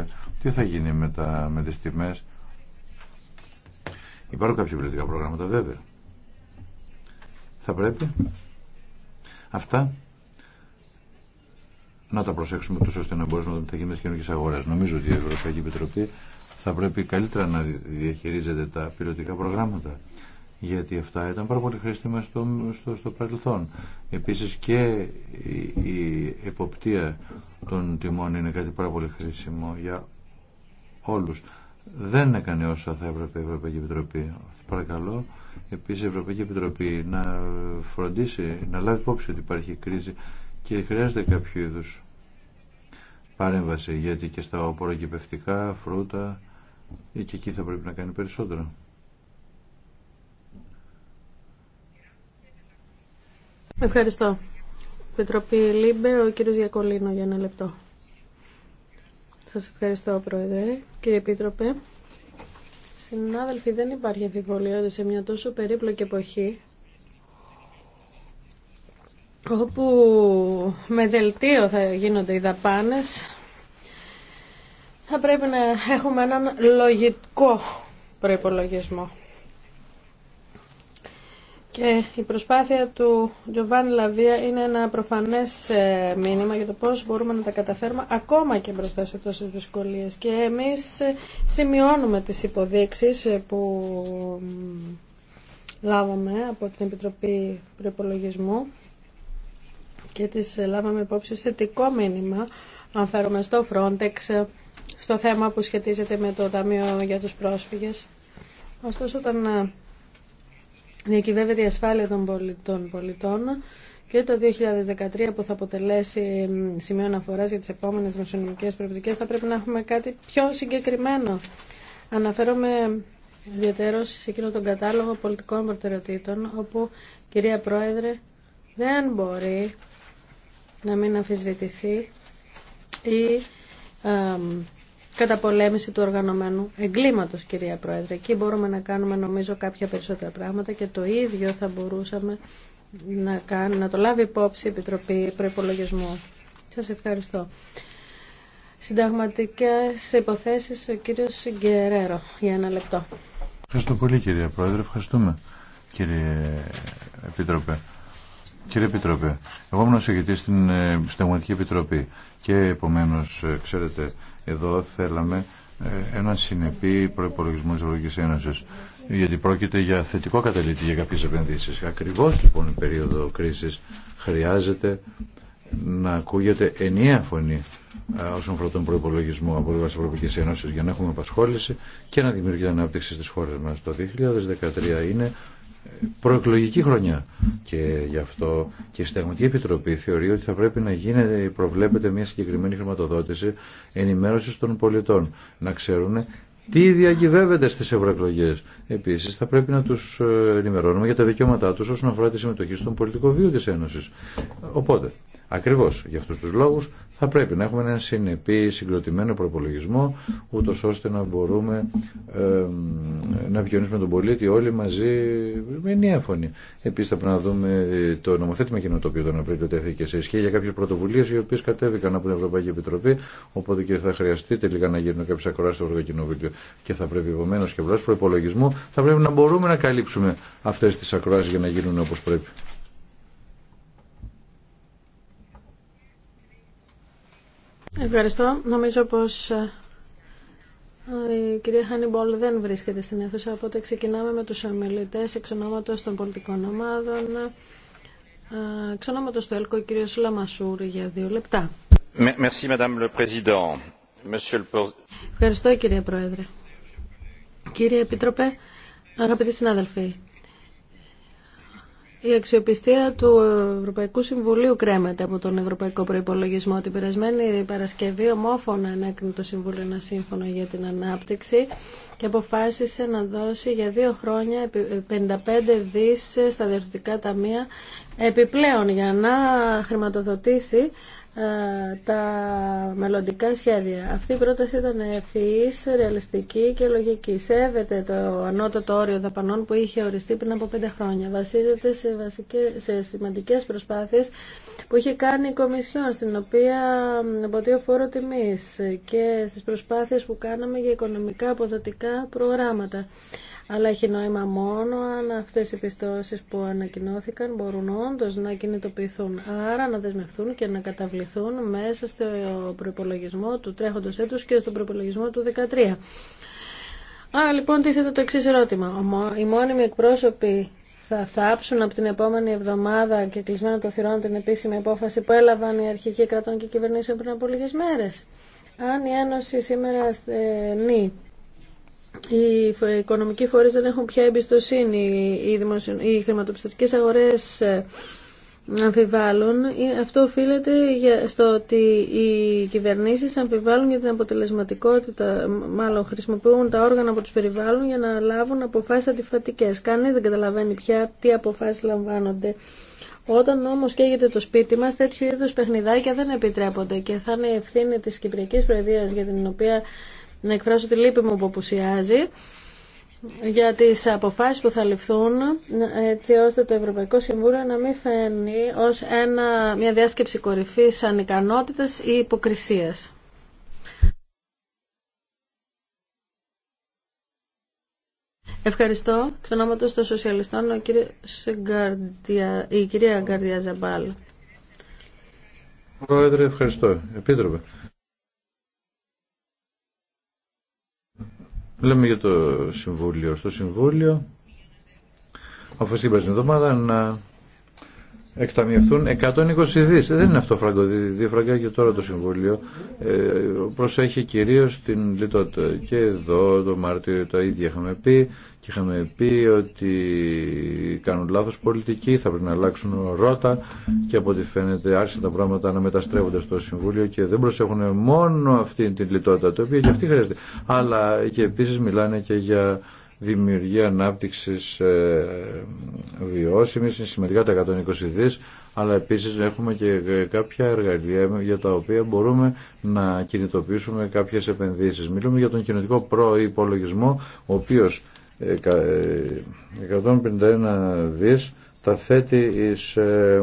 [SPEAKER 1] 2013, τι θα γίνει με, τα, με τις τιμές. Υπάρχουν κάποια πολιτικά προγράμματα βέβαια. Θα πρέπει αυτά να τα προσέξουμε τόσο ώστε να μπορέσουμε να δούμε τι κοινωνικέ αγορέ. Νομίζω ότι η Ευρωπαϊκή Επιτροπή θα πρέπει καλύτερα να διαχειρίζεται τα πιλωτικά προγράμματα. Γιατί αυτά ήταν πάρα πολύ χρήσιμα στο, στο, στο παρελθόν. Επίση και η, η εποπτεία των τιμών είναι κάτι πάρα πολύ χρήσιμο για όλου. Δεν έκανε όσα θα έπρεπε η Ευρωπαϊκή Επιτροπή. Παρακαλώ. Επίση η Ευρωπαϊκή Επιτροπή να φροντίσει, να λάβει υπόψη ότι υπάρχει κρίση και χρειάζεται κάποιο είδου παρέμβαση γιατί και στα οποροκυπευτικά, φρούτα και εκεί θα πρέπει να κάνει περισσότερο.
[SPEAKER 2] Ευχαριστώ. Πετροπή Λίμπε, ο κύριος Γιακολίνο για ένα λεπτό. Σας ευχαριστώ, Πρόεδρε. Κύριε Επίτροπε, συνάδελφοι, δεν υπάρχει αμφιβολία ότι σε μια τόσο περίπλοκη εποχή όπου με δελτίο θα γίνονται οι δαπάνες θα πρέπει να έχουμε έναν λογικό προϋπολογισμό. Και η προσπάθεια του Τζοβάν Λαβία είναι ένα προφανές ε, μήνυμα για το πώς μπορούμε να τα καταφέρουμε ακόμα και μπροστά σε τόσες δυσκολίες. Και εμείς ε, σημειώνουμε τις υποδείξεις ε, που λάβαμε από την Επιτροπή Προϋπολογισμού και τις λάβαμε υπόψη ως θετικό μήνυμα αν στο Frontex στο θέμα που σχετίζεται με το Ταμείο για τους Πρόσφυγες. Ωστόσο, όταν ε, διακυβεύεται η ασφάλεια των πολιτών και το 2013 που θα αποτελέσει σημείο αναφοράς για τις επόμενες δημοσιονομικές προοπτικές θα πρέπει να έχουμε κάτι πιο συγκεκριμένο. Αναφέρομαι ιδιαίτερω σε εκείνο τον κατάλογο πολιτικών προτεραιοτήτων όπου, κυρία Πρόεδρε, δεν μπορεί να μην αμφισβητηθεί η καταπολέμηση του οργανωμένου εγκλήματος, κυρία Πρόεδρε. Εκεί μπορούμε να κάνουμε, νομίζω, κάποια περισσότερα πράγματα και το ίδιο θα μπορούσαμε να, κάνουμε, να το λάβει υπόψη η Επιτροπή Προϋπολογισμού. Σας ευχαριστώ. Συνταγματικές υποθέσεις, ο κύριος Γκερέρο, για ένα λεπτό.
[SPEAKER 1] Ευχαριστώ πολύ, κυρία Πρόεδρε. Ευχαριστούμε, κύριε Επίτροπε. Κύριε Επιτροπέ, εγώ ήμουν οσογητή στην ε, Συνταγματική Επιτροπή και επομένω, ε, ξέρετε, εδώ θέλαμε ε, ένα συνεπή προπολογισμό τη Ευρωπαϊκή Ένωση. Γιατί πρόκειται για θετικό καταλήτη για κάποιε επενδύσει. Ακριβώ λοιπόν η περίοδο κρίση χρειάζεται να ακούγεται ενιαία φωνή όσον αφορά τον προπολογισμό από τη Ευρωπαϊκή Ένωση για να έχουμε απασχόληση και να δημιουργεί ανάπτυξη στι χώρε μα. Το 2013 είναι προεκλογική χρονιά. Και γι' αυτό και η Συνταγματική Επιτροπή θεωρεί ότι θα πρέπει να γίνεται, προβλέπεται μια συγκεκριμένη χρηματοδότηση ενημέρωση των πολιτών. Να ξέρουν τι διακυβεύεται στι ευρωεκλογέ. Επίσης θα πρέπει να τους ε, ενημερώνουμε για τα δικαιώματά τους όσον αφορά τη συμμετοχή στον πολιτικό βίο τη Ένωση. Οπότε, ακριβώ για αυτού του λόγου θα πρέπει να έχουμε ένα συνεπή συγκροτημένο προπολογισμό ούτω ώστε να μπορούμε ε, να βιονίσουμε τον πολίτη όλοι μαζί με φωνή. Επίση θα πρέπει να δούμε ε, το νομοθέτημα κοινοτόπιο το οποίο τον Απρίλιο τέθηκε σε ισχύ για κάποιε πρωτοβουλίε οι οποίε κατέβηκαν από την Ευρωπαϊκή Επιτροπή. Οπότε και θα χρειαστεί τελικά να γίνουν κάποιε ακροάσει στο Ευρωκοινοβούλιο και θα πρέπει επομένω και πλευρά προπολογισμού θα πρέπει να μπορούμε να καλύψουμε αυτέ τι ακροάσει για να γίνουν όπω πρέπει.
[SPEAKER 2] Ευχαριστώ. Νομίζω πως ε, η κυρία Χάνιμπολ δεν βρίσκεται στην αίθουσα, οπότε ξεκινάμε με τους ομιλητές εξ ονόματος των πολιτικών ομάδων. Ε, εξ ονόματος του ΕΛΚΟ, ο κύριος Λαμασούρ για δύο λεπτά. Ευχαριστώ, κύριε Πρόεδρε. Κύριε Επίτροπε, αγαπητοί συνάδελφοι, η αξιοπιστία του Ευρωπαϊκού Συμβουλίου κρέμεται από τον Ευρωπαϊκό Προπολογισμό. Την περασμένη Παρασκευή ομόφωνα ενέκρινε το Συμβούλιο ένα σύμφωνο για την ανάπτυξη και αποφάσισε να δώσει για δύο χρόνια 55 δις στα διευθυντικά ταμεία επιπλέον για να χρηματοδοτήσει τα μελλοντικά σχέδια. Αυτή η πρόταση ήταν ευθύη, ρεαλιστική και λογική. Σέβεται το ανώτατο όριο δαπανών που είχε οριστεί πριν από πέντε χρόνια. Βασίζεται σε, βασικές, σε σημαντικές προσπάθειες που είχε κάνει η Κομισιόν, στην οποία ο φόρο τιμή και στις προσπάθειες που κάναμε για οικονομικά αποδοτικά προγράμματα αλλά έχει νόημα μόνο αν αυτές οι πιστώσεις που ανακοινώθηκαν μπορούν όντως να κινητοποιηθούν, άρα να δεσμευθούν και να καταβληθούν μέσα στο προπολογισμό του τρέχοντος έτους και στον προπολογισμό του 2013. Άρα λοιπόν τίθεται το εξή ερώτημα. Οι μόνιμοι εκπρόσωποι θα θάψουν από την επόμενη εβδομάδα και κλεισμένο το θηρόν την επίσημη απόφαση που έλαβαν οι αρχικοί κρατών και κυβερνήσεων πριν από λίγε μέρε. Αν η Ένωση σήμερα στενεί οι οικονομικοί φορείς δεν έχουν πια εμπιστοσύνη, οι, δημοσιο... οι χρηματοπιστωτικές αγορές ε, αμφιβάλλουν. Ε, αυτό οφείλεται στο ότι οι κυβερνήσεις αμφιβάλλουν για την αποτελεσματικότητα, μάλλον χρησιμοποιούν τα όργανα που τους περιβάλλουν για να λάβουν αποφάσεις αντιφατικές. Κανείς δεν καταλαβαίνει πια τι αποφάσεις λαμβάνονται. Όταν όμως καίγεται το σπίτι μας, τέτοιου είδους παιχνιδάκια δεν επιτρέπονται και θα είναι η ευθύνη της Κυπριακής Προεδρίας για την οποία να εκφράσω τη λύπη μου που αποουσιάζει για τις αποφάσεις που θα ληφθούν έτσι ώστε το Ευρωπαϊκό Συμβούλιο να μην φαίνει ως ένα, μια διάσκεψη κορυφής ανικανότητας ή υποκρισίας. Ευχαριστώ. Ξενόματος των Σοσιαλιστών, η κυρία Γκαρδιά Ζαμπάλ.
[SPEAKER 1] Πρόεδρε, ευχαριστώ. Επίτροπε. Λέμε για το Συμβούλιο. Στο Συμβούλιο αφού στην περσινή εβδομάδα να εκταμιευθούν 120 δις. Δεν είναι αυτό φραγκοδίδι, φραγκά και τώρα το Συμβούλιο ε, προσέχει κυρίως την λιτότητα. Και εδώ το Μάρτιο τα ίδια είχαμε πει και είχαμε πει ότι κάνουν λάθος πολιτική, θα πρέπει να αλλάξουν ρότα και από ό,τι φαίνεται άρχισαν τα πράγματα να μεταστρέφονται στο Συμβούλιο και δεν προσέχουν μόνο αυτή την λιτότητα, το οποίο και αυτή χρειάζεται. Αλλά και επίσης μιλάνε και για δημιουργία ανάπτυξη ε, βιώσιμης, είναι σημαντικά τα 120 δις, αλλά επίσης έχουμε και ε, κάποια εργαλεία για τα οποία μπορούμε να κινητοποιήσουμε κάποιες επενδύσεις. Μιλούμε για τον κοινωτικό προϋπολογισμό, ο οποίος 151 ε, δις τα θέτει εις, ε,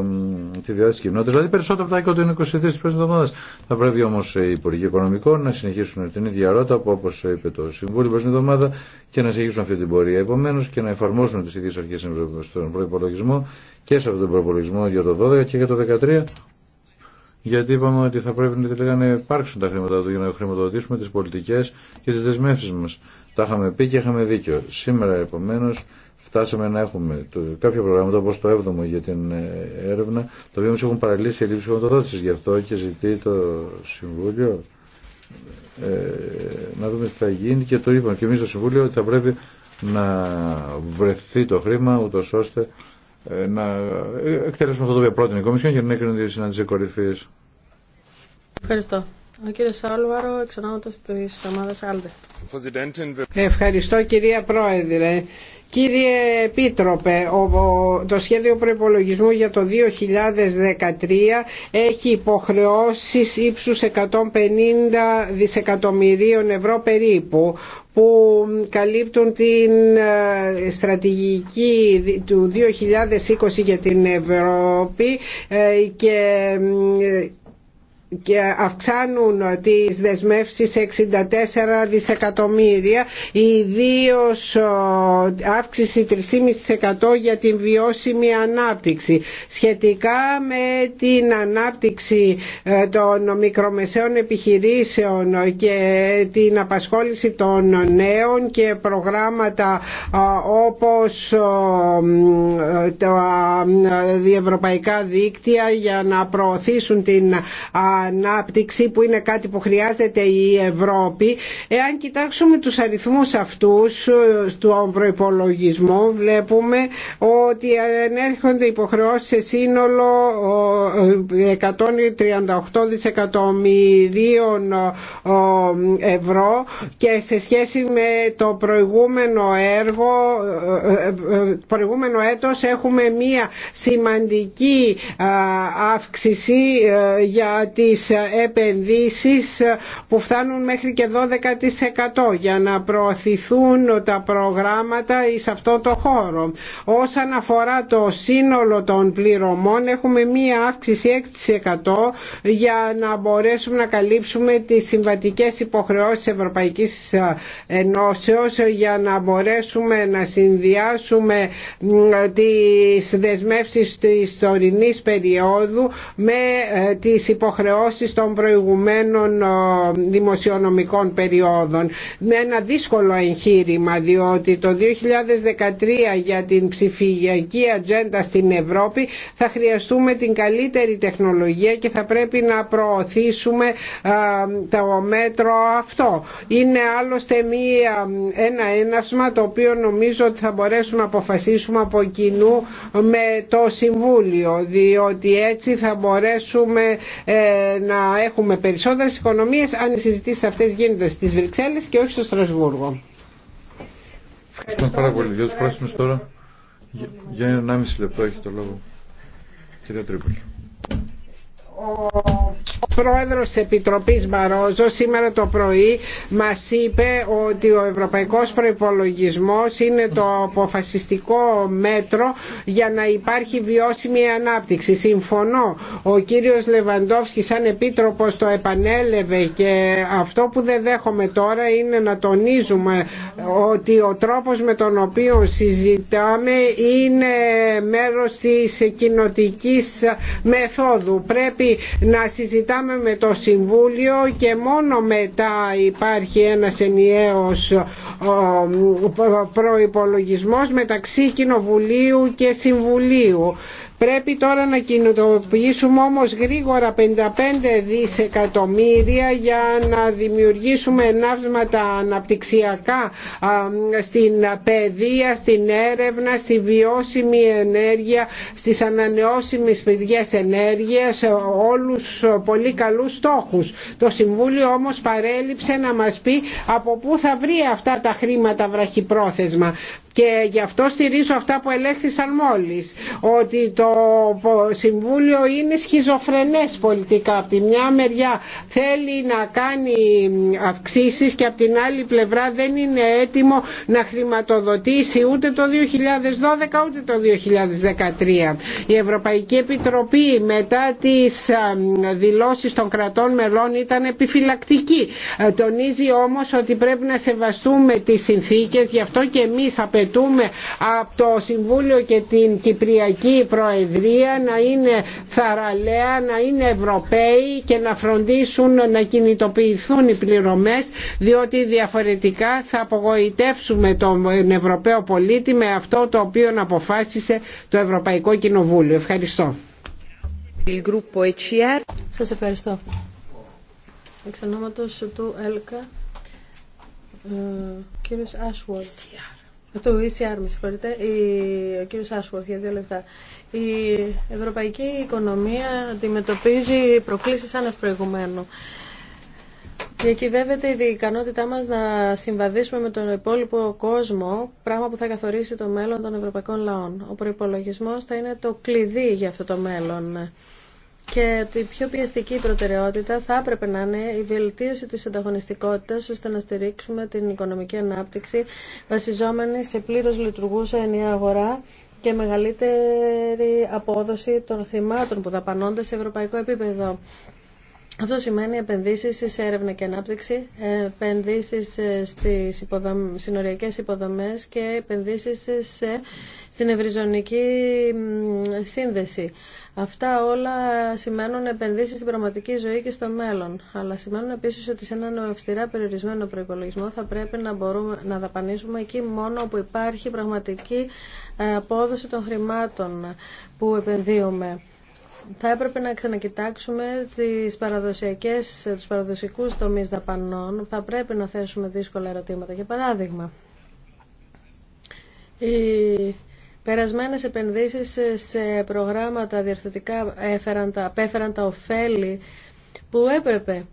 [SPEAKER 1] τη διάθεση κοινότητα. Δηλαδή περισσότερο από τα 120 δις τη πρώτης εβδομάδα. Θα πρέπει όμω οι Υπουργοί Οικονομικών να συνεχίσουν την ίδια ρότα που όπως είπε το Συμβούλιο την εβδομάδα και να συνεχίσουν αυτή την πορεία. Επομένω και να εφαρμόσουν τι ίδιε αρχές στον προπολογισμό και σε αυτόν τον προπολογισμό για το 12 και για το 13 γιατί είπαμε ότι θα πρέπει να, να υπάρξουν τα χρήματα του για να χρηματοδοτήσουμε τις πολιτικές και τις δεσμεύσεις μας. Τα είχαμε πει και είχαμε δίκιο. Σήμερα επομένω φτάσαμε να έχουμε το, κάποια προγράμματα όπω το 7ο για την ε, έρευνα, το οποίο μα έχουν παραλύσει η λήψη χρηματοδότηση. Γι' αυτό και ζητεί το Συμβούλιο ε, να δούμε τι θα γίνει και το είπαμε και εμεί στο Συμβούλιο ότι θα πρέπει να βρεθεί το χρήμα ούτω ώστε ε, να εκτελέσουμε αυτό το οποίο πρότεινε η Κομισιόν για να έκρινε τη συνάντηση κορυφή.
[SPEAKER 2] Ευχαριστώ.
[SPEAKER 3] Ευχαριστώ κυρία Πρόεδρε. Κύριε Επίτροπε, το σχέδιο προϋπολογισμού για το 2013 έχει υποχρεώσεις ύψους 150 δισεκατομμυρίων ευρώ περίπου που καλύπτουν την ε, στρατηγική του 2020 για την Ευρώπη ε, και και αυξάνουν τις δεσμεύσεις 64 δισεκατομμύρια ιδίω αύξηση 3,5% για την βιώσιμη ανάπτυξη σχετικά με την ανάπτυξη ε, των μικρομεσαίων επιχειρήσεων και την απασχόληση των νέων και προγράμματα ε, όπως ε, τα διευρωπαϊκά δίκτυα για να προωθήσουν την ανάπτυξη που είναι κάτι που χρειάζεται η Ευρώπη εάν κοιτάξουμε τους αριθμούς αυτούς ε, του προπολογισμού βλέπουμε ότι ενέρχονται υποχρεώσεις σε σύνολο 138 ε, ε, δισεκατομμυρίων ευρώ και σε σχέση με το προηγούμενο έργο προηγούμενο έτος έχουμε μία σημαντική αύξηση για τις επενδύσεις που φτάνουν μέχρι και 12% για να προωθηθούν τα προγράμματα σε αυτό το χώρο. Όσον αφορά το σύνολο των πληρωμών έχουμε μία αύξηση 6% για να μπορέσουμε να καλύψουμε τις συμβατικές υποχρεώσεις Ευρωπαϊκής Ενώσεως για να μπορέσουμε να συνδυάσουμε τις δεσμεύσεις της τωρινής περίοδου με ε, τις υποχρεώσεις των προηγουμένων δημοσιονομικών περιόδων με ένα δύσκολο εγχείρημα διότι το 2013 για την ψηφιακή ατζέντα στην Ευρώπη θα χρειαστούμε την καλύτερη τεχνολογία και θα πρέπει να προωθήσουμε το μέτρο αυτό. Είναι άλλωστε μία, ένα ένασμα το οποίο νομίζω ότι θα μπορέσουμε να αποφασίσουμε από κοινού με το Συμβούλιο διότι έτσι θα μπορέσουμε ε, να έχουμε περισσότερες οικονομίες αν οι συζητήσεις αυτές γίνονται στις Βρυξέλλες και όχι στο Στρασβούργο.
[SPEAKER 1] Ευχαριστούμε πάρα πολύ. Για τους πράσινους τώρα, για 1,5 λεπτό έχει το λόγο. Κυρία Τρίπολη
[SPEAKER 3] ο πρόεδρος της Επιτροπής Μπαρόζο σήμερα το πρωί μας είπε ότι ο ευρωπαϊκός προϋπολογισμός είναι το αποφασιστικό μέτρο για να υπάρχει βιώσιμη ανάπτυξη. Συμφωνώ. Ο κύριος Λεβαντόφσκι σαν επίτροπος το επανέλευε και αυτό που δεν δέχομαι τώρα είναι να τονίζουμε ότι ο τρόπος με τον οποίο συζητάμε είναι μέρος της κοινοτικής μεθόδου. Πρέπει να συζητάμε με το Συμβούλιο και μόνο μετά υπάρχει ένας ενιαίος προϋπολογισμός μεταξύ Κοινοβουλίου και Συμβουλίου Πρέπει τώρα να κοινοτοποιήσουμε όμως γρήγορα 55 δισεκατομμύρια για να δημιουργήσουμε ενάψματα αναπτυξιακά στην παιδεία, στην έρευνα, στη βιώσιμη ενέργεια, στις ανανεώσιμες πηγές ενέργειας, όλους πολύ καλούς στόχους. Το Συμβούλιο όμως παρέλειψε να μας πει από πού θα βρει αυτά τα χρήματα βραχυπρόθεσμα. Και γι' αυτό στηρίζω αυτά που ελέγχθησαν μόλις, ότι το Συμβούλιο είναι σχιζοφρενές πολιτικά. Από τη μια μεριά θέλει να κάνει αυξήσεις και από την άλλη πλευρά δεν είναι έτοιμο να χρηματοδοτήσει ούτε το 2012 ούτε το 2013. Η Ευρωπαϊκή Επιτροπή μετά τις δηλώσεις των κρατών μελών ήταν επιφυλακτική. Ε, τονίζει όμως ότι πρέπει να σεβαστούμε τις συνθήκες, γι' αυτό και εμείς απαιτούμε απαιτούμε από το Συμβούλιο και την Κυπριακή Προεδρία να είναι θαραλέα, να είναι Ευρωπαίοι και να φροντίσουν να κινητοποιηθούν οι πληρωμές διότι διαφορετικά θα απογοητεύσουμε τον Ευρωπαίο πολίτη με αυτό το οποίο αποφάσισε το Ευρωπαϊκό Κοινοβούλιο. Ευχαριστώ.
[SPEAKER 2] Σας ευχαριστώ. Εξ του ΕΛΚΑ, ε, κύριος το ECR, με συγχωρείτε, ο κύριος για δύο λεπτά. Η ευρωπαϊκή οικονομία αντιμετωπίζει προκλήσεις σαν προηγουμένου. Διακυβεύεται η ικανότητά μας να συμβαδίσουμε με τον υπόλοιπο κόσμο, πράγμα που θα καθορίσει το μέλλον των ευρωπαϊκών λαών. Ο προϋπολογισμός θα είναι το κλειδί για αυτό το μέλλον και ότι η πιο πιεστική προτεραιότητα θα έπρεπε να είναι η βελτίωση της ανταγωνιστικότητας ώστε να στηρίξουμε την οικονομική ανάπτυξη βασιζόμενη σε πλήρως λειτουργούσα ενιαία αγορά και μεγαλύτερη απόδοση των χρημάτων που δαπανώνται σε ευρωπαϊκό επίπεδο. Αυτό σημαίνει επενδύσει σε έρευνα και ανάπτυξη, επενδύσει ε, στις υποδομ... συνοριακές υποδομές και επενδύσει ε, σε... στην ευρυζωνική σύνδεση. Αυτά όλα σημαίνουν επενδύσει στην πραγματική ζωή και στο μέλλον. Αλλά σημαίνουν επίσης ότι σε έναν αυστηρά περιορισμένο προπολογισμό θα πρέπει να μπορούμε να δαπανίσουμε εκεί μόνο όπου υπάρχει πραγματική ε, απόδοση των χρημάτων που επενδύουμε θα έπρεπε να ξανακοιτάξουμε τις παραδοσιακές, τους παραδοσιακούς τομείς δαπανών. Θα πρέπει να θέσουμε δύσκολα ερωτήματα. Για παράδειγμα, οι περασμένες επενδύσεις σε προγράμματα διευθυντικά έφεραν τα, απέφεραν τα ωφέλη που έπρεπε.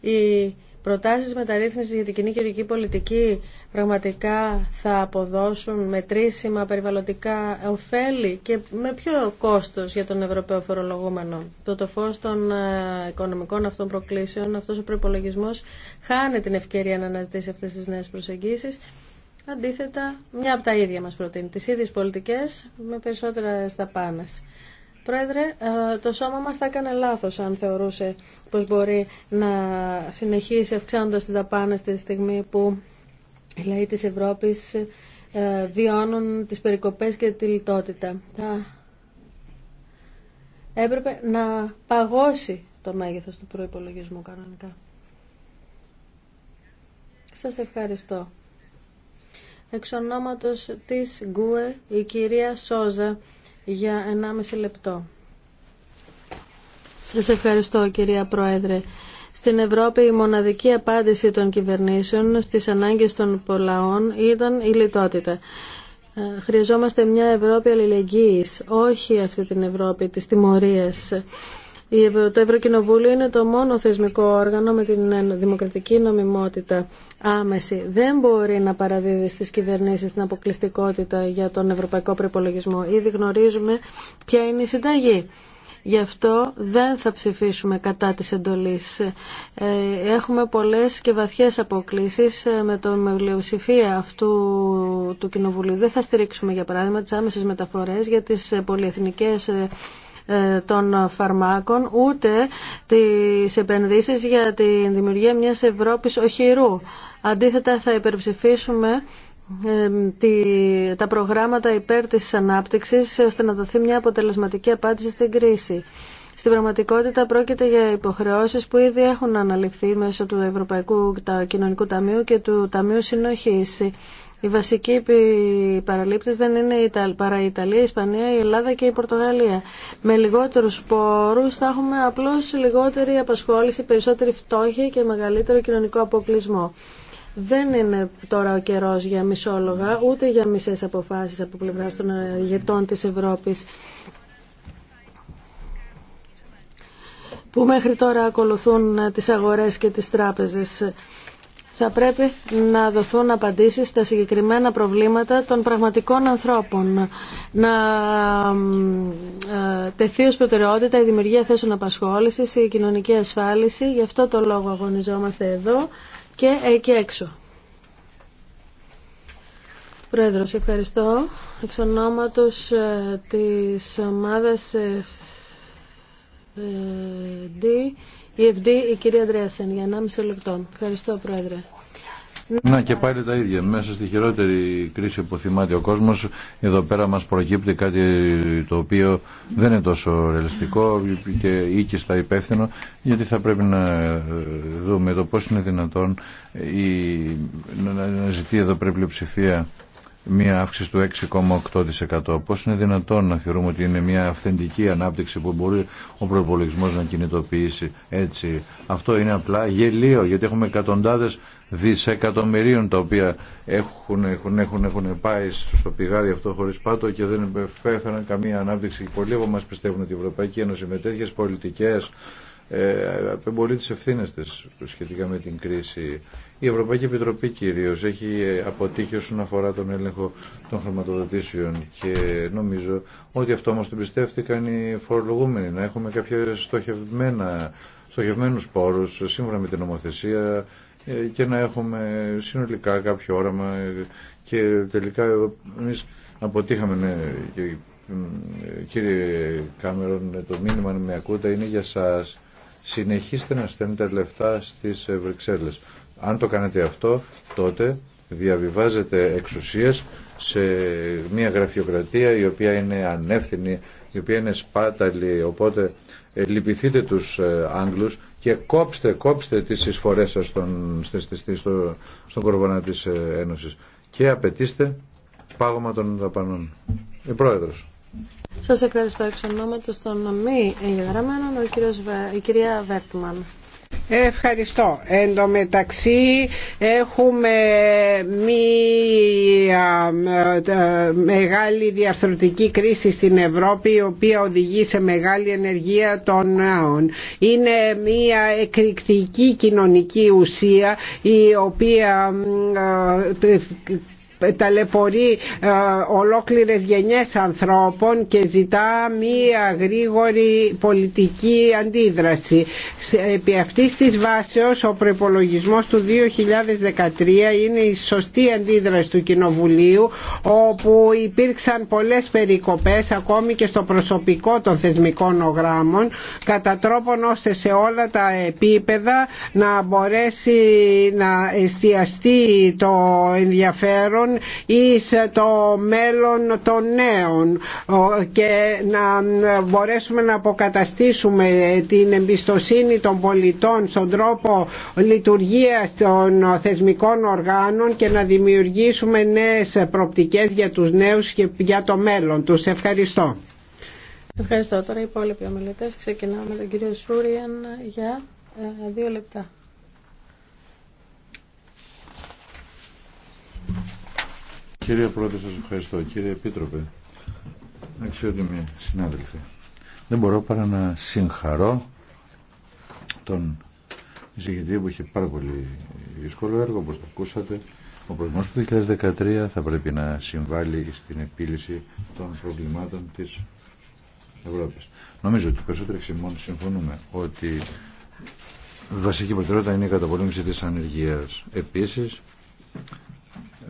[SPEAKER 2] οι προτάσεις μεταρρύθμισης για την κοινή κυριακή πολιτική πραγματικά θα αποδώσουν μετρήσιμα περιβαλλοντικά ωφέλη και με ποιο κόστος για τον Ευρωπαίο φορολογούμενο. Το το των ε, οικονομικών αυτών προκλήσεων, αυτός ο προπολογισμό χάνει την ευκαιρία να αναζητήσει αυτές τις νέες προσεγγίσεις. Αντίθετα, μια από τα ίδια μας προτείνει. Τις ίδιες πολιτικές με περισσότερα στα Πρόεδρε, ε, το σώμα μας θα έκανε λάθος αν θεωρούσε πως μπορεί να συνεχίσει αυξάνοντας τις δαπάνες τη στιγμή που οι λαοί της Ευρώπης ε, βιώνουν τις περικοπές και τη λιτότητα. Θα έπρεπε να παγώσει το μέγεθος του προϋπολογισμού κανονικά. Σας ευχαριστώ. Εξ ονόματος της Γκουε, η κυρία Σόζα για 1,5 λεπτό. Σας ευχαριστώ κυρία Πρόεδρε. Στην Ευρώπη η μοναδική απάντηση των κυβερνήσεων στις ανάγκες των πολλαών ήταν η λιτότητα. Ε, χρειαζόμαστε μια Ευρώπη αλληλεγγύης, όχι αυτή την Ευρώπη της τιμωρίας. Το Ευρωκοινοβούλιο είναι το μόνο θεσμικό όργανο με την δημοκρατική νομιμότητα άμεση. Δεν μπορεί να παραδίδει στις κυβερνήσεις την αποκλειστικότητα για τον ευρωπαϊκό προπολογισμό. Ήδη γνωρίζουμε ποια είναι η συνταγή. Γι' αυτό δεν θα ψηφίσουμε κατά της εντολής. Ε, έχουμε πολλές και βαθιές αποκλήσεις ε, με το μεγλειοψηφία αυτού του Κοινοβουλίου. Δεν θα στηρίξουμε, για παράδειγμα, τις άμεσες μεταφορές για τις ε, πολυεθνικές ε, των φαρμάκων, ούτε τις επενδύσεις για τη δημιουργία μιας Ευρώπης οχυρού. Αντίθετα θα υπερψηφίσουμε ε, τα προγράμματα υπέρ της ανάπτυξης ώστε να δοθεί μια αποτελεσματική απάντηση στην κρίση. Στην πραγματικότητα πρόκειται για υποχρεώσεις που ήδη έχουν αναλυφθεί μέσω του Ευρωπαϊκού Κοινωνικού Ταμείου και του Ταμείου Συνοχής. Οι βασικοί παραλήπτες δεν είναι παρά η Ιταλία, η Ισπανία, η Ελλάδα και η Πορτογαλία. Με λιγότερους πόρους θα έχουμε απλώς λιγότερη απασχόληση, περισσότερη φτώχεια και μεγαλύτερο κοινωνικό αποκλεισμό. Δεν είναι τώρα ο καιρό για μισόλογα, ούτε για μισές αποφάσεις από πλευρά των ηγετών της Ευρώπης. που μέχρι τώρα ακολουθούν τις αγορές και τις τράπεζες θα πρέπει να δοθούν απαντήσεις στα συγκεκριμένα προβλήματα των πραγματικών ανθρώπων. Να ε, τεθεί ως προτεραιότητα η δημιουργία θέσεων απασχόλησης, η κοινωνική ασφάλιση. Γι' αυτό το λόγο αγωνιζόμαστε εδώ και εκεί έξω. Πρόεδρος, ευχαριστώ. Εξ ονόματος ε, της ομάδας ε, D, η FD, η κυρία Ανδρέασεν, για 1,5 λεπτό. Ευχαριστώ, Πρόεδρε.
[SPEAKER 1] Να και πάλι τα ίδια. Μέσα στη χειρότερη κρίση που θυμάται ο κόσμος, εδώ πέρα μας προκύπτει κάτι το οποίο δεν είναι τόσο ρεαλιστικό και οίκιστα υπεύθυνο, γιατί θα πρέπει να ε, δούμε το πώς είναι δυνατόν η... να ζητεί εδώ πρέπει ψηφία μία αύξηση του 6,8%. Πώς είναι δυνατόν να θεωρούμε ότι είναι μία αυθεντική ανάπτυξη που μπορεί ο προπολογισμό να κινητοποιήσει έτσι. Αυτό είναι απλά γελίο γιατί έχουμε εκατοντάδες δισεκατομμυρίων τα οποία έχουν, έχουν, έχουν, έχουν πάει στο πηγάδι αυτό χωρίς πάτο και δεν φέφεραν καμία ανάπτυξη. Πολλοί από μας πιστεύουν ότι η Ευρωπαϊκή Ένωση με τέτοιε πολιτικές ε, τι τις ευθύνες της σχετικά με την κρίση η Ευρωπαϊκή Επιτροπή κυρίω έχει αποτύχει όσον αφορά τον έλεγχο των χρηματοδοτήσεων και νομίζω ότι αυτό μα το πιστεύτηκαν οι φορολογούμενοι. Να έχουμε κάποια στοχευμένα, στοχευμένους πόρους σύμφωνα με την νομοθεσία ε, και να έχουμε συνολικά κάποιο όραμα και τελικά εμεί αποτύχαμε ναι, κύριε Κάμερον ναι, το μήνυμα με ακούτε είναι για σας συνεχίστε να στέλνετε λεφτά στις Βρυξέλλες αν το κάνετε αυτό, τότε διαβιβάζετε εξουσίες σε μια γραφειοκρατία η οποία είναι ανεύθυνη, η οποία είναι σπάταλη, οπότε ε, λυπηθείτε τους ε, Άγγλους και κόψτε, κόψτε τις εισφορές σας στον, στο, στον κορβανά της ε, Ένωσης και απαιτήστε πάγωμα των δαπανών. Η Πρόεδρος.
[SPEAKER 2] Σας ευχαριστώ εξ ονόματος των μη εγγεγραμμένων, η κυρία Βέρτμαν.
[SPEAKER 3] Ευχαριστώ. Εν τω μεταξύ έχουμε μία ε, μεγάλη διαρθρωτική κρίση στην Ευρώπη η οποία οδηγεί σε μεγάλη ενεργεία των νέων. Είναι μία εκρηκτική κοινωνική ουσία η οποία ε, ταλαιπωρεί ε, ολόκληρες γενιές ανθρώπων και ζητά μία γρήγορη πολιτική αντίδραση. Επί αυτής της βάσεως ο προπολογισμό του 2013 είναι η σωστή αντίδραση του Κοινοβουλίου όπου υπήρξαν πολλές περικοπές ακόμη και στο προσωπικό των θεσμικών ογράμμων κατά τρόπον ώστε σε όλα τα επίπεδα να μπορέσει να εστιαστεί το ενδιαφέρον ή εις το μέλλον των νέων και να μπορέσουμε να αποκαταστήσουμε την εμπιστοσύνη των πολιτών στον τρόπο λειτουργίας των θεσμικών οργάνων και να δημιουργήσουμε νέες προπτικές για τους νέους και για το μέλλον τους. Ευχαριστώ.
[SPEAKER 2] Ευχαριστώ. Τώρα οι υπόλοιποι ομιλητέ. Ξεκινάμε με τον κύριο Σούριαν για ε, δύο λεπτά.
[SPEAKER 1] Κύριε Πρόεδρε, σας ευχαριστώ. Κύριε Επίτροπε, αξιότιμοι συνάδελφοι. Δεν μπορώ παρά να συγχαρώ τον εισηγητή που είχε πάρα πολύ δύσκολο έργο, όπως το ακούσατε. Ο προηγούμενο του 2013 θα πρέπει να συμβάλλει στην επίλυση των προβλημάτων της Ευρώπης. Νομίζω ότι περισσότεροι εξημών συμφωνούμε ότι βασική προτεραιότητα είναι η καταπολέμηση της ανεργίας. Επίσης,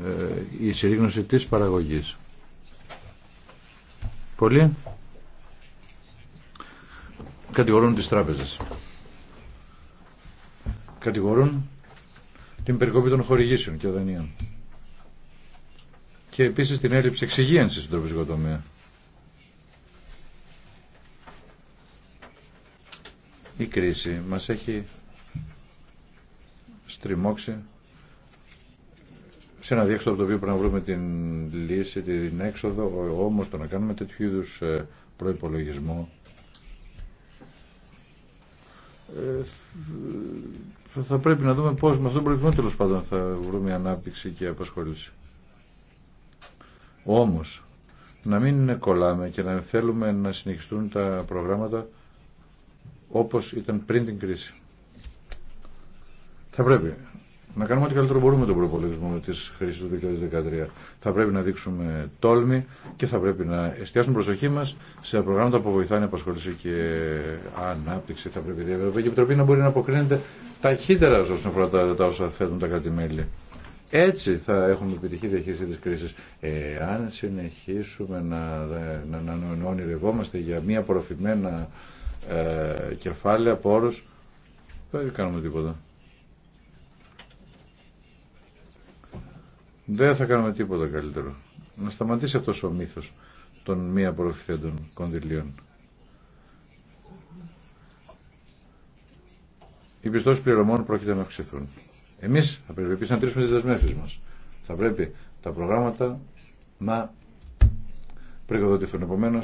[SPEAKER 1] ε, η συρρήγνωση της παραγωγής. Πολλοί κατηγορούν τις τράπεζες. Κατηγορούν την περικοπή των χορηγήσεων και δανείων. Και επίσης την έλλειψη εξυγίανσης στον τραπεζικό τομέα. Η κρίση μας έχει στριμώξει σε ένα διέξοδο από το οποίο πρέπει να βρούμε την λύση, την έξοδο, όμως το να κάνουμε τέτοιου είδου ε, προϋπολογισμό ε, θα πρέπει να δούμε πώς με αυτόν τον προϋπολογισμό τέλος πάντων θα βρούμε ανάπτυξη και απασχόληση. Όμως, να μην κολλάμε και να θέλουμε να συνεχιστούν τα προγράμματα όπως ήταν πριν την κρίση. Θα πρέπει να κάνουμε ό,τι καλύτερο μπορούμε τον προπολογισμό τη χρήση του 2013. Θα πρέπει να δείξουμε τόλμη και θα πρέπει να εστιάσουμε προσοχή μα σε προγράμματα που βοηθάνε απασχόληση και ανάπτυξη. Θα πρέπει η Ευρωπαϊκή Επιτροπή να μπορεί να αποκρίνεται ταχύτερα όσον αφορά τα, τα όσα θέτουν τα κράτη-μέλη. Έτσι θα έχουμε επιτυχή διαχείριση τη κρίση. Εάν συνεχίσουμε να, να, να, ονειρευόμαστε για μία απορροφημένα ε, κεφάλαια πόρου, δεν κάνουμε τίποτα. δεν θα κάνουμε τίποτα καλύτερο. Να σταματήσει αυτός ο μύθος των μη απορροφηθέντων κονδυλίων. Οι πιστώσεις πληρωμών πρόκειται να αυξηθούν. Εμείς θα πρέπει επίσης να τρίσουμε τις δεσμεύσεις μας. Θα πρέπει τα προγράμματα να προεκοδοτηθούν. Επομένω,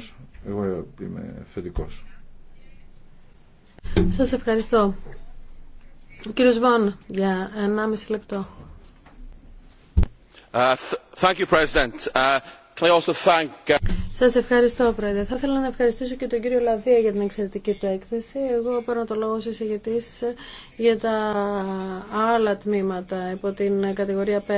[SPEAKER 1] εγώ είμαι θετικός.
[SPEAKER 2] Σας ευχαριστώ. κύριος Βόν για 1,5 λεπτό.
[SPEAKER 5] Thank you, President. Can I also thank...
[SPEAKER 2] Σα ευχαριστώ, Πρόεδρε. Θα ήθελα να ευχαριστήσω και τον κύριο Λαδία για την εξαιρετική του έκθεση. Εγώ παίρνω το λόγο ως εισηγητή για τα άλλα τμήματα υπό την κατηγορία 5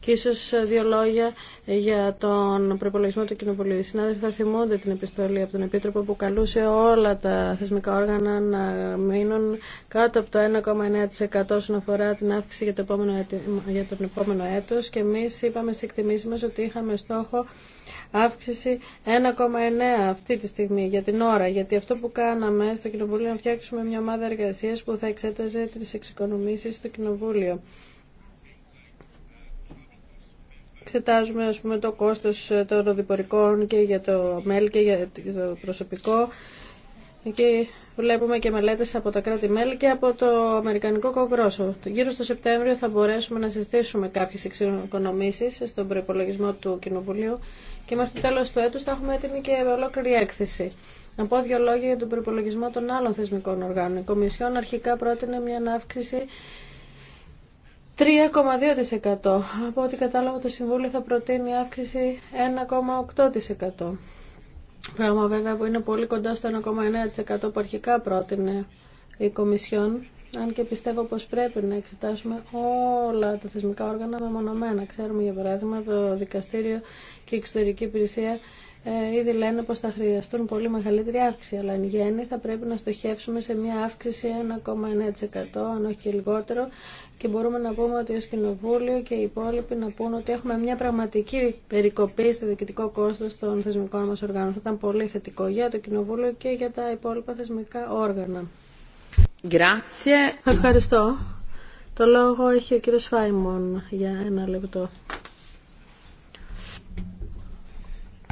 [SPEAKER 2] και ίσω δύο λόγια για τον προπολογισμό του Κοινοβουλίου. Οι συνάδελφοι θα θυμούνται την επιστολή από τον Επίτροπο που καλούσε όλα τα θεσμικά όργανα να μείνουν κάτω από το 1,9% όσον αφορά την αύξηση για το επόμενο, τον επόμενο έτο. και εμεί είπαμε στι εκτιμήσει μα ότι είχαμε στόχο αύξηση 1,9 αυτή τη στιγμή για την ώρα. Γιατί αυτό που κάναμε στο Κοινοβούλιο να φτιάξουμε μια ομάδα εργασία που θα εξέταζε τι εξοικονομήσει στο Κοινοβούλιο. Εξετάζουμε ας πούμε, το κόστος των οδηπορικών και για το μέλ και για το προσωπικό και Βλέπουμε και μελέτες από τα κράτη-μέλη και από το Αμερικανικό Κογκρόσο. Γύρω στο Σεπτέμβριο θα μπορέσουμε να συζητήσουμε κάποιες εξοικονομήσεις στον προπολογισμό του Κοινοβουλίου και μέχρι το τέλος του έτους θα έχουμε έτοιμη και ολόκληρη έκθεση. Να πω δύο λόγια για τον προπολογισμό των άλλων θεσμικών οργάνων. Η Κομισιόν αρχικά πρότεινε μια αύξηση 3,2%. Από ό,τι κατάλαβα το Συμβούλιο θα προτείνει αύξηση 1,8%. Πράγμα βέβαια που είναι πολύ κοντά στο 1,9% που αρχικά πρότεινε η Κομισιόν. Αν και πιστεύω πως πρέπει να εξετάσουμε όλα τα θεσμικά όργανα μεμονωμένα. Ξέρουμε για παράδειγμα το Δικαστήριο και η Εξωτερική Υπηρεσία ε, ήδη λένε πως θα χρειαστούν πολύ μεγαλύτερη αύξηση, αλλά εν γέννη θα πρέπει να στοχεύσουμε σε μια αύξηση 1,9% αν όχι και λιγότερο και μπορούμε να πούμε ότι ως Κοινοβούλιο και οι υπόλοιποι να πούν ότι έχουμε μια πραγματική περικοπή στο διοικητικό κόστος των θεσμικών μας οργάνων. Θα ήταν πολύ θετικό για το Κοινοβούλιο και για τα υπόλοιπα θεσμικά όργανα. Grazie. Ευχαριστώ. Το λόγο έχει ο κύριος Φάιμον για ένα λεπτό.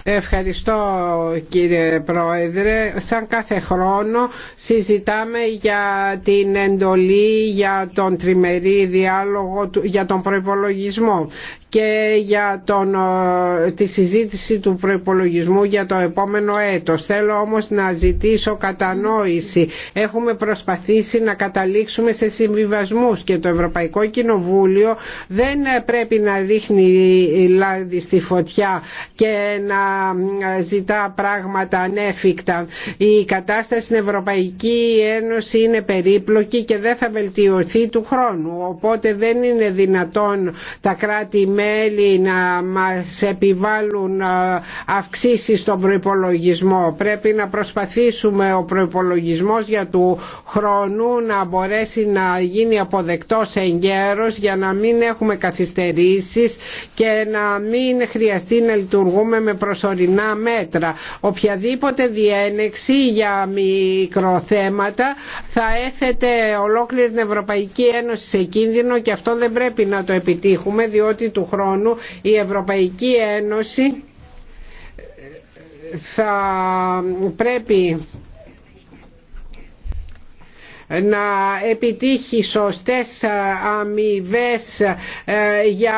[SPEAKER 3] Ευχαριστώ κύριε Πρόεδρε. Σαν κάθε χρόνο συζητάμε για την εντολή, για τον τριμερή διάλογο, για τον προϋπολογισμό και για τον, ε, τη συζήτηση του προϋπολογισμού για το επόμενο έτος. Θέλω όμως να ζητήσω κατανόηση. Έχουμε προσπαθήσει να καταλήξουμε σε συμβιβασμούς και το Ευρωπαϊκό Κοινοβούλιο δεν πρέπει να ρίχνει λάδι στη φωτιά και να ε, ζητά πράγματα ανέφικτα. Η κατάσταση στην Ευρωπαϊκή Ένωση είναι περίπλοκη και δεν θα βελτιωθεί του χρόνου. Οπότε δεν είναι δυνατόν τα κράτη μελη να μας επιβάλλουν ε, αυξήσεις στον προϋπολογισμό. Πρέπει να προσπαθήσουμε ο προϋπολογισμός για του χρόνου να μπορέσει να γίνει αποδεκτός εγκαίρος για να μην έχουμε καθυστερήσεις και να μην χρειαστεί να λειτουργούμε με προσωρινά μέτρα. Οποιαδήποτε διένεξη για μικροθέματα θα έθετε ολόκληρη την Ευρωπαϊκή Ένωση σε κίνδυνο και αυτό δεν πρέπει να το επιτύχουμε διότι του χρόνου η Ευρωπαϊκή Ένωση θα πρέπει να επιτύχει σωστές αμοιβέ ε, για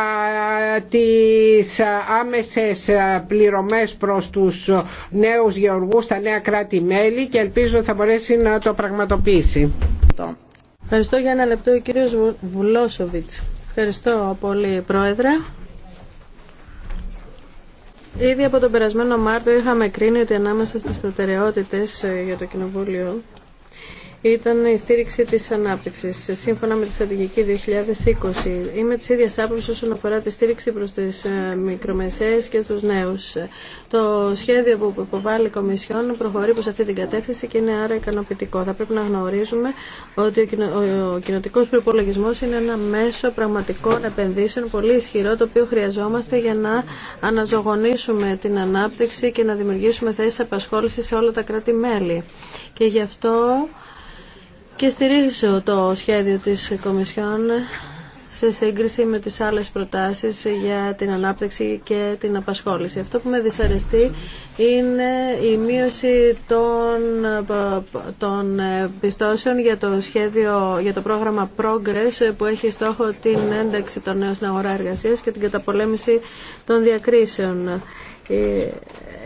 [SPEAKER 3] τις άμεσες πληρωμές προς τους νέους γεωργούς στα νέα κράτη-μέλη και ελπίζω θα μπορέσει να το πραγματοποιήσει. Ευχαριστώ για ένα
[SPEAKER 2] λεπτό ο κύριος
[SPEAKER 3] Βουλόσοβιτς. Ευχαριστώ πολύ, Πρόεδρε.
[SPEAKER 2] Ήδη από τον περασμένο Μάρτιο είχαμε κρίνει ότι ανάμεσα στις προτεραιότητες ε, για το Κοινοβούλιο ήταν η στήριξη της ανάπτυξης. Σύμφωνα με τη στρατηγική 2020, είμαι τη ίδια άποψης όσον αφορά τη στήριξη προς τις ε, μικρομεσαίες και του νέους. Το σχέδιο που υποβάλλει η Κομισιόν προχωρεί προς αυτή την κατεύθυνση και είναι άρα ικανοποιητικό. Θα πρέπει να γνωρίζουμε ότι ο κοινοτικός προπολογισμό είναι ένα μέσο πραγματικών επενδύσεων πολύ ισχυρό το οποίο χρειαζόμαστε για να αναζωογονήσουμε την ανάπτυξη και να δημιουργήσουμε θέσεις απασχόλησης σε όλα τα κράτη-μέλη. Και γι' αυτό και στηρίζω το σχέδιο της Κομισιόν σε σύγκριση με τις άλλες προτάσεις για την ανάπτυξη και την απασχόληση. Αυτό που με δυσαρεστεί είναι η μείωση των, των πιστώσεων για το, σχέδιο, για το πρόγραμμα Progress που έχει στόχο την ένταξη των νέων στην αγορά εργασίας και την καταπολέμηση των διακρίσεων. Ε,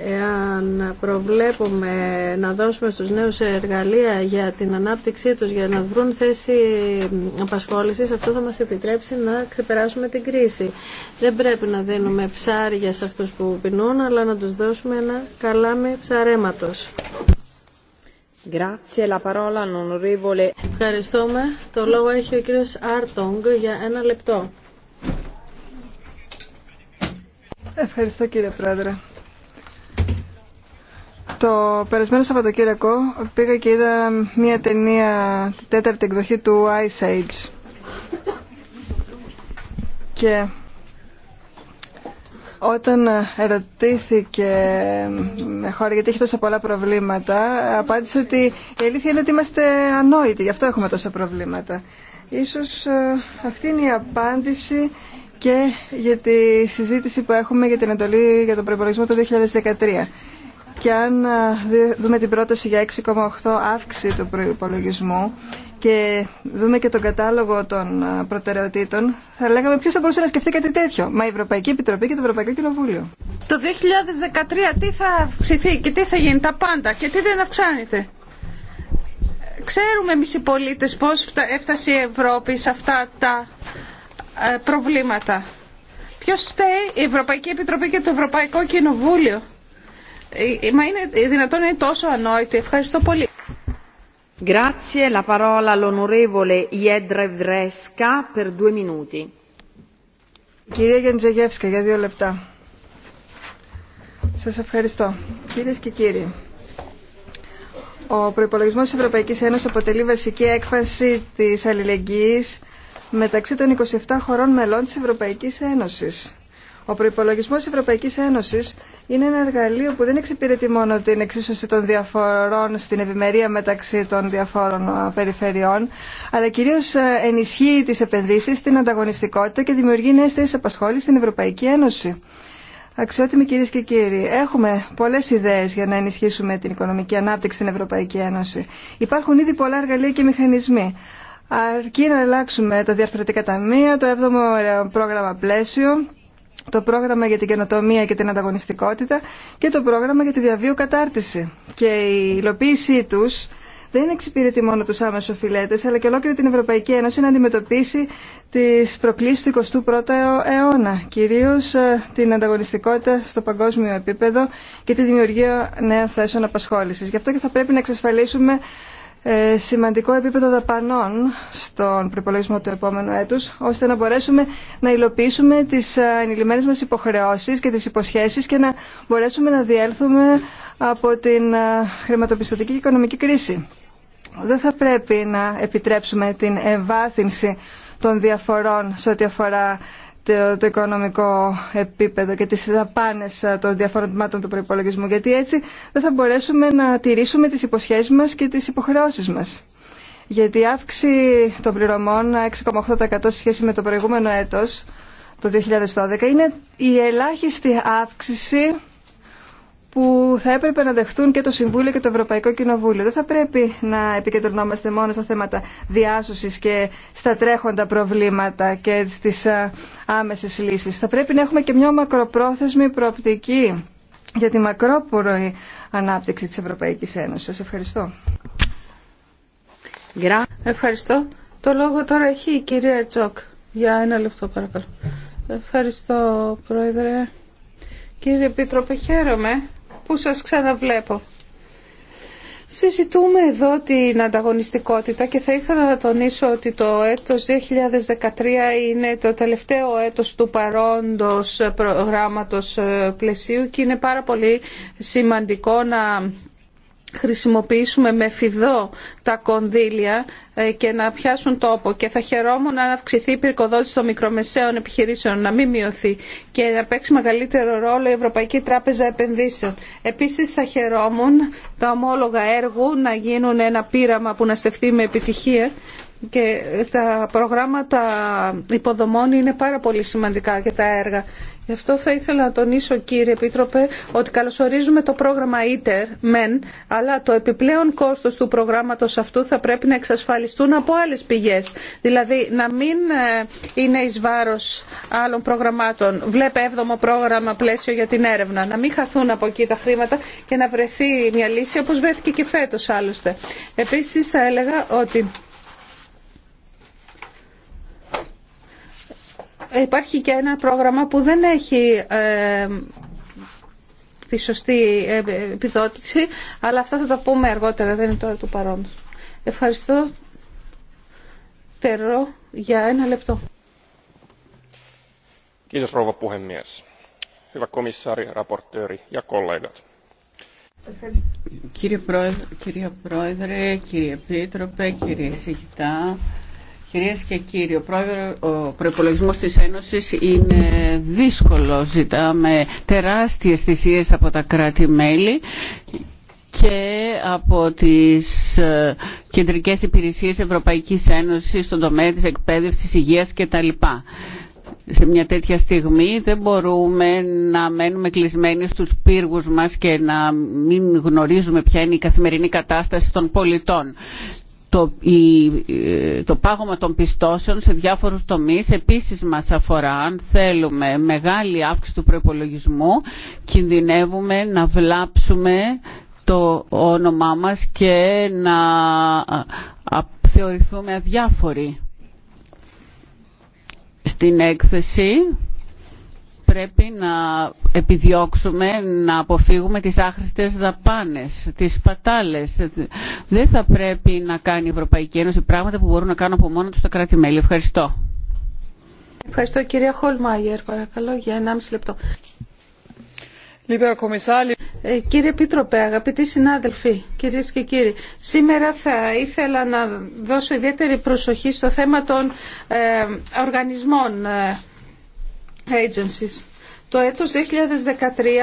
[SPEAKER 2] εάν προβλέπουμε να δώσουμε στους νέους εργαλεία για την ανάπτυξή τους, για να βρουν θέση απασχόλησης, αυτό θα μας επιτρέψει να ξεπεράσουμε την κρίση. Δεν πρέπει να δίνουμε ψάρια σε αυτούς που πεινούν, αλλά να τους δώσουμε ένα καλάμι ψαρέματος. Ευχαριστούμε. Το λόγο έχει ο κύριος Άρτογκ για ένα λεπτό.
[SPEAKER 5] Ευχαριστώ κύριε Πρόεδρε. Το περασμένο Σαββατοκύριακο πήγα και είδα μια ταινία, τη τέταρτη εκδοχή του Ice Age. Και όταν ερωτήθηκε με χώρα γιατί έχει τόσα πολλά προβλήματα, απάντησε ότι η αλήθεια είναι ότι είμαστε ανόητοι, γι' αυτό έχουμε τόσα προβλήματα. Ίσως ε, αυτή είναι η απάντηση και για τη συζήτηση που έχουμε για την εντολή για τον προπολογισμό το 2013 και αν δούμε την πρόταση για 6,8 αύξηση του προϋπολογισμού και δούμε και τον κατάλογο των προτεραιοτήτων, θα λέγαμε ποιος θα μπορούσε να σκεφτεί κάτι τέτοιο. Μα η Ευρωπαϊκή Επιτροπή και το Ευρωπαϊκό Κοινοβούλιο.
[SPEAKER 6] Το 2013 τι θα αυξηθεί και τι θα γίνει τα πάντα και τι δεν αυξάνεται. Ξέρουμε εμείς οι πολίτες πώς έφτασε η Ευρώπη σε αυτά τα ε, προβλήματα. Ποιος φταίει η Ευρωπαϊκή Επιτροπή και το Ευρωπαϊκό Κοινοβούλιο ε, μα είναι ε, δυνατόν είναι τόσο ανόητη. Ευχαριστώ πολύ. Grazie, la parola all'onorevole per due minuti.
[SPEAKER 5] Κυρία Γεντζεγεύσκα, για δύο λεπτά. Σας ευχαριστώ. Κυρίες και κύριοι, ο προπολογισμό της Ευρωπαϊκής Ένωσης αποτελεί βασική έκφαση της αλληλεγγύης μεταξύ των 27 χωρών μελών της Ευρωπαϊκής Ένωσης. Ο προπολογισμό Ευρωπαϊκή Ένωση είναι ένα εργαλείο που δεν εξυπηρετεί μόνο την εξίσωση των διαφορών στην ευημερία μεταξύ των διαφόρων περιφερειών, αλλά κυρίω ενισχύει τι επενδύσει, την ανταγωνιστικότητα και δημιουργεί νέε θέσει απασχόληση στην Ευρωπαϊκή Ένωση. Αξιότιμοι κυρίε και κύριοι, έχουμε πολλέ ιδέε για να ενισχύσουμε την οικονομική ανάπτυξη στην Ευρωπαϊκή Ένωση. Υπάρχουν ήδη πολλά εργαλεία και μηχανισμοί. Αρκεί να αλλάξουμε τα διαρθρωτικά ταμεία, το 7ο ε, πρόγραμμα πλαίσιο, το πρόγραμμα για την καινοτομία και την ανταγωνιστικότητα και το πρόγραμμα για τη διαβίου κατάρτιση. Και η υλοποίησή τους δεν εξυπηρετεί μόνο τους άμεσου οφειλέτες, αλλά και ολόκληρη την Ευρωπαϊκή Ένωση να αντιμετωπίσει τι προκλήσει του 21ου αιώνα, κυρίως ε, την ανταγωνιστικότητα στο παγκόσμιο επίπεδο και τη δημιουργία νέων θέσεων απασχόληση. Γι' αυτό και θα πρέπει να εξασφαλίσουμε ε, σημαντικό επίπεδο δαπανών στον προπολογισμό του επόμενου έτους, ώστε να μπορέσουμε να υλοποιήσουμε τις ε, ενηλυμένε μας υποχρεώσεις και τις υποσχέσεις και να μπορέσουμε να διέλθουμε από την ε, χρηματοπιστωτική και οικονομική κρίση. Δεν θα πρέπει να επιτρέψουμε την ευάθυνση των διαφορών σε ό,τι αφορά το οικονομικό επίπεδο και τις δαπάνες ε, των διαφόρων τμήματων του προϋπολογισμού γιατί έτσι δεν θα μπορέσουμε να τηρήσουμε τις υποσχέσεις μας και τις υποχρεώσεις μας. Γιατί η αύξηση των πληρωμών 6,8% σε σχέση με το προηγούμενο έτος, το 2012, είναι η ελάχιστη αύξηση που θα έπρεπε να δεχτούν και το Συμβούλιο και το Ευρωπαϊκό Κοινοβούλιο. Δεν θα πρέπει να επικεντρωνόμαστε μόνο στα θέματα διάσωσης και στα τρέχοντα προβλήματα και στις ε, άμεσες λύσεις. Θα πρέπει να έχουμε και μια μακροπρόθεσμη προοπτική για τη μακρόπορη ανάπτυξη της Ευρωπαϊκής Ένωσης. Σας ευχαριστώ. Ευχαριστώ. Το λόγο τώρα
[SPEAKER 6] έχει η κυρία Τζοκ. Για ένα λεπτό παρακαλώ. Ευχαριστώ, Πρόεδρε. Κύριε Επίτροπε, χαίρομαι που σας ξαναβλέπω. Συζητούμε εδώ την ανταγωνιστικότητα και θα ήθελα να τονίσω ότι το έτος 2013 είναι το τελευταίο έτος του παρόντος προγράμματος ε, πλαισίου και είναι πάρα πολύ σημαντικό να χρησιμοποιήσουμε με φιδό τα κονδύλια ε, και να πιάσουν τόπο και θα χαιρόμουν να αυξηθεί η πυρκοδότηση των μικρομεσαίων επιχειρήσεων, να μην μειωθεί και να παίξει μεγαλύτερο ρόλο η Ευρωπαϊκή Τράπεζα Επενδύσεων. Επίσης θα χαιρόμουν τα ομόλογα έργου να γίνουν ένα πείραμα που να στεφτεί με επιτυχία και τα προγράμματα υποδομών είναι πάρα πολύ σημαντικά και τα έργα. Γι' αυτό θα ήθελα να τονίσω κύριε Επίτροπε ότι καλωσορίζουμε το πρόγραμμα ITER μεν, αλλά το επιπλέον κόστος του προγράμματος αυτού θα πρέπει να εξασφαλιστούν από άλλες πηγές. Δηλαδή να μην ε, είναι εις βάρος άλλων προγραμμάτων. Βλέπε έβδομο πρόγραμμα πλαίσιο για την έρευνα. Να μην χαθούν από εκεί τα χρήματα και να βρεθεί μια λύση όπως βρέθηκε και φέτος άλλωστε. Επίσης θα έλεγα ότι Υπάρχει και ένα πρόγραμμα που δεν έχει ε, τη σωστή ε, επιδότηση, αλλά αυτά θα τα πούμε αργότερα, δεν είναι τώρα του παρόντος. Ευχαριστώ. Τερό για ένα λεπτό.
[SPEAKER 2] Κύριε rouva Πουχεμίες. Hyvä komissaari, raportööri ja kollegat.
[SPEAKER 7] Κύριε Πρόεδρε, κύριε Πρόεδρε, κύριε Επίτροπε, κύριε Σιγητά, Κυρίες και κύριοι, ο, πρόεδρο, ο προϋπολογισμός της Ένωσης είναι δύσκολο. Ζητάμε τεράστιες θυσίες από τα κράτη-μέλη και από τις ε, κεντρικές υπηρεσίες Ευρωπαϊκής Ένωσης στον τομέα της εκπαίδευσης, υγείας κτλ. Σε μια τέτοια στιγμή δεν μπορούμε να μένουμε κλεισμένοι στους πύργους μας και να μην γνωρίζουμε ποια είναι η καθημερινή κατάσταση των πολιτών το, η, ε, το πάγωμα των πιστώσεων σε διάφορους τομείς επίσης μας αφορά. Αν θέλουμε μεγάλη αύξηση του προϋπολογισμού κινδυνεύουμε να βλάψουμε το όνομά μας και να θεωρηθούμε αδιάφοροι. Στην έκθεση πρέπει να επιδιώξουμε να αποφύγουμε τις άχρηστες δαπάνες, τις σπατάλες. Δεν θα πρέπει να κάνει η Ευρωπαϊκή Ένωση πράγματα που μπορούν να κάνουν από μόνο τους τα κράτη-μέλη. Ευχαριστώ.
[SPEAKER 6] Ευχαριστώ κυρία Χολμάγερ, παρακαλώ για 1,5 λεπτό. Ε, κύριε Επίτροπε, αγαπητοί συνάδελφοι, κυρίες και κύριοι, σήμερα θα ήθελα να δώσω ιδιαίτερη προσοχή στο θέμα των ε, οργανισμών ε, agencies. Το έτος 2013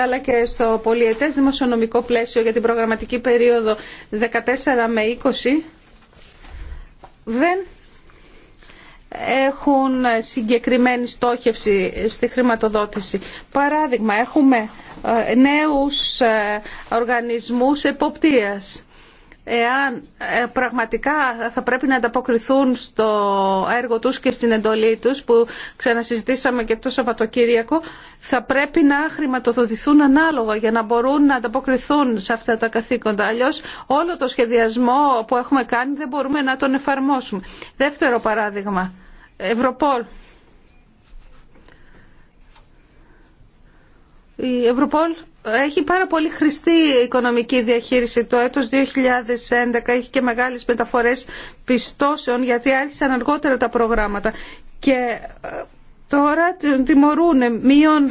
[SPEAKER 6] αλλά και στο πολιετές δημοσιονομικό πλαίσιο για την προγραμματική περίοδο 14 με 20 δεν έχουν συγκεκριμένη στόχευση στη χρηματοδότηση. Παράδειγμα, έχουμε ε, νέους ε, οργανισμούς εποπτείας εάν ε, πραγματικά θα πρέπει να ανταποκριθούν στο έργο τους και στην εντολή τους που ξανασυζητήσαμε και το Σαββατοκύριακο θα πρέπει να χρηματοδοτηθούν ανάλογα για να μπορούν να ανταποκριθούν σε αυτά τα καθήκοντα. Αλλιώς όλο το σχεδιασμό που έχουμε κάνει δεν μπορούμε να τον εφαρμόσουμε. Δεύτερο παράδειγμα, Ευρωπόλ. Η Ευρωπόλ έχει πάρα πολύ χρηστή οικονομική διαχείριση. Το έτος 2011 έχει και μεγάλες μεταφορές πιστώσεων γιατί άρχισαν αργότερα τα προγράμματα. Και ε, τώρα τιμωρούν μείον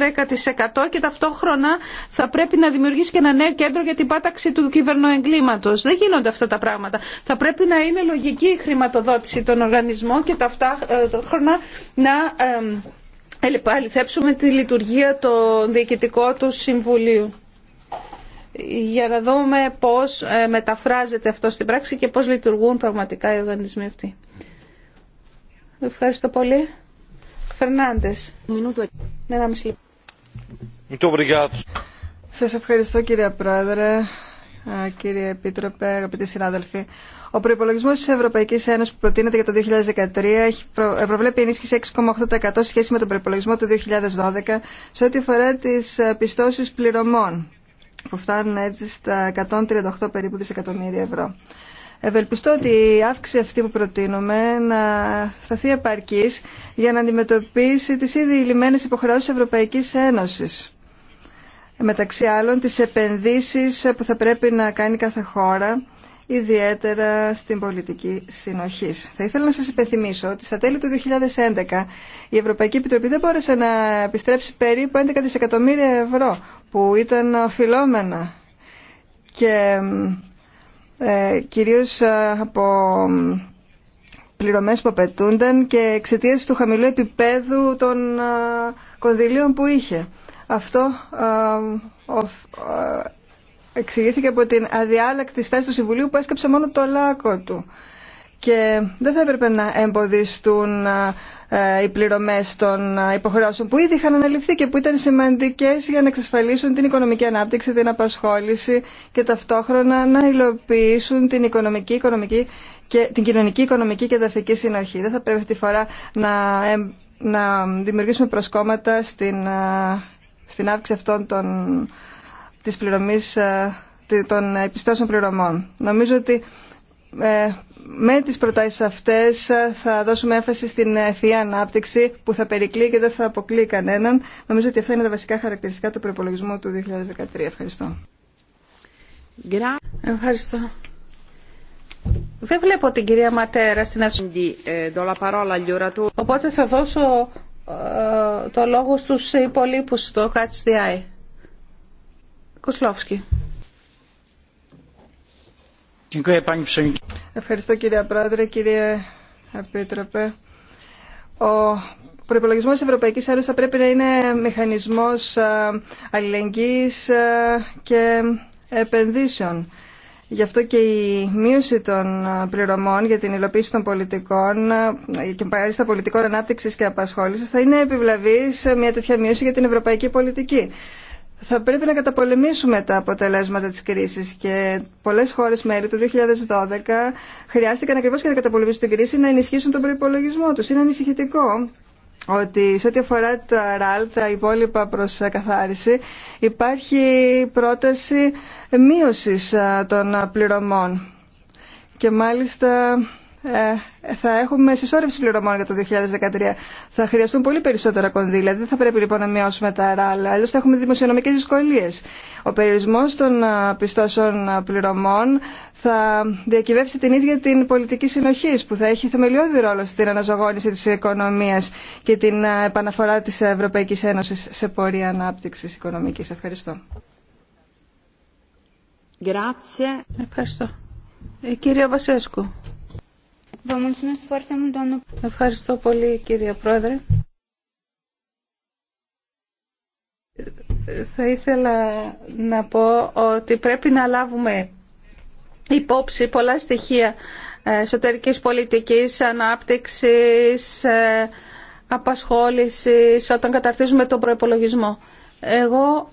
[SPEAKER 6] 10% και ταυτόχρονα θα πρέπει να δημιουργήσει και ένα νέο κέντρο για την πάταξη του κυβερνοεγκλήματος. Δεν γίνονται αυτά τα πράγματα. Θα πρέπει να είναι λογική η χρηματοδότηση των οργανισμών και ε, ταυτόχρονα να ε, αληθέψουμε τη λειτουργία του διοικητικών του συμβουλίου για να δούμε πώς ε, μεταφράζεται αυτό στην πράξη και πώς λειτουργούν πραγματικά οι οργανισμοί αυτοί.
[SPEAKER 5] Ευχαριστώ πολύ. Φερνάντες. Σας ευχαριστώ κύριε Πρόεδρε κύριε Επίτροπε, αγαπητοί συνάδελφοι. Ο προπολογισμό τη Ευρωπαϊκή Ένωση που προτείνεται για το 2013 έχει προ... Ε, προβλέπει ενίσχυση 6,8% σε σχέση με τον προπολογισμό του 2012 σε ό,τι αφορά τι ε, πιστώσει πληρωμών, που φτάνουν έτσι στα 138 περίπου δισεκατομμύρια ευρώ. Ευελπιστώ ότι η αύξηση αυτή που προτείνουμε να σταθεί επαρκή για να αντιμετωπίσει τι ήδη υποχρεώσεις υποχρεώσει Ευρωπαϊκή Ένωση μεταξύ άλλων τις επενδύσεις που θα πρέπει να κάνει κάθε χώρα ιδιαίτερα στην πολιτική συνοχή. Θα ήθελα να σα υπενθυμίσω ότι στα τέλη του 2011 η Ευρωπαϊκή Επιτροπή δεν μπόρεσε να επιστρέψει περίπου 11 δισεκατομμύρια ευρώ που ήταν οφειλόμενα και ε, κυρίως ε, από πληρωμές που απαιτούνταν και εξαιτία του χαμηλού επίπεδου των ε, κονδυλίων που είχε. Αυτό ε, εξηγήθηκε από την αδιάλακτη στάση του Συμβουλίου που έσκαψε μόνο το λάκκο του. Και δεν θα έπρεπε να εμποδιστούν ε, οι πληρωμές των ε, υποχρεώσεων που ήδη είχαν αναλυθεί και που ήταν σημαντικές για να εξασφαλίσουν την οικονομική ανάπτυξη, την απασχόληση και ταυτόχρονα να υλοποιήσουν την, οικονομική, οικονομική και, την κοινωνική, οικονομική και ταφική συνοχή. Δεν θα πρέπει αυτή τη φορά να, να δημιουργήσουμε προσκόμματα στην στην αύξηση αυτών των, της πληρωμής, ε, των επιστώσεων πληρωμών. Νομίζω ότι ε, με τις προτάσεις αυτές ε, θα δώσουμε έμφαση στην ευφυή ανάπτυξη που θα περικλεί και δεν θα αποκλεί κανέναν. Νομίζω ότι αυτά είναι τα βασικά χαρακτηριστικά του προπολογισμού του 2013. Ευχαριστώ. Ευχαριστώ.
[SPEAKER 6] Δεν βλέπω την κυρία Ματέρα στην του, eh, Οπότε θα δώσω ε, το λόγο στους υπολείπους στο Catch
[SPEAKER 5] Κοσλόφσκι. Ευχαριστώ κύριε Πρόεδρε, κύριε Επίτροπε. Ο προπολογισμό της Ευρωπαϊκής Ένωση θα πρέπει να είναι μηχανισμός ε, αλληλεγγύης ε, και επενδύσεων. Γι' αυτό και η μείωση των ε, πληρωμών για την υλοποίηση των πολιτικών ε, και μάλιστα πολιτικών ανάπτυξη και απασχόληση θα είναι επιβλαβή σε μια τέτοια μείωση για την ευρωπαϊκή πολιτική. Θα πρέπει να καταπολεμήσουμε τα αποτελέσματα της κρίσης και πολλές χώρες μέλη το 2012 χρειάστηκαν ακριβώς για να καταπολεμήσουν την κρίση να ενισχύσουν τον προϋπολογισμό τους. Είναι ανησυχητικό ότι σε ό,τι αφορά τα ραλ, τα υπόλοιπα προς καθάριση, υπάρχει πρόταση μείωσης ε, των πληρωμών. Και μάλιστα ε, θα έχουμε συσσόρευση πληρωμών για το 2013. Θα χρειαστούν πολύ περισσότερα κονδύλια. Δεν θα πρέπει λοιπόν να μειώσουμε τα ράλα, αλλιώ θα έχουμε δημοσιονομικέ δυσκολίε. Ο περιορισμό των πιστώσεων πληρωμών θα διακυβεύσει την ίδια την πολιτική συνοχή, που θα έχει θεμελιώδη ρόλο στην αναζωγόνηση τη οικονομία και την επαναφορά τη Ευρωπαϊκή Ένωση σε πορεία ανάπτυξη οικονομική. Ευχαριστώ.
[SPEAKER 6] Ευχαριστώ. Ε, κύριε Βασέσκου. Ευχαριστώ πολύ κύριε Πρόεδρε. Θα ήθελα να πω ότι πρέπει να λάβουμε υπόψη πολλά στοιχεία εσωτερικής πολιτικής, ανάπτυξης, ε, απασχόλησης όταν καταρτίζουμε τον προϋπολογισμό. Εγώ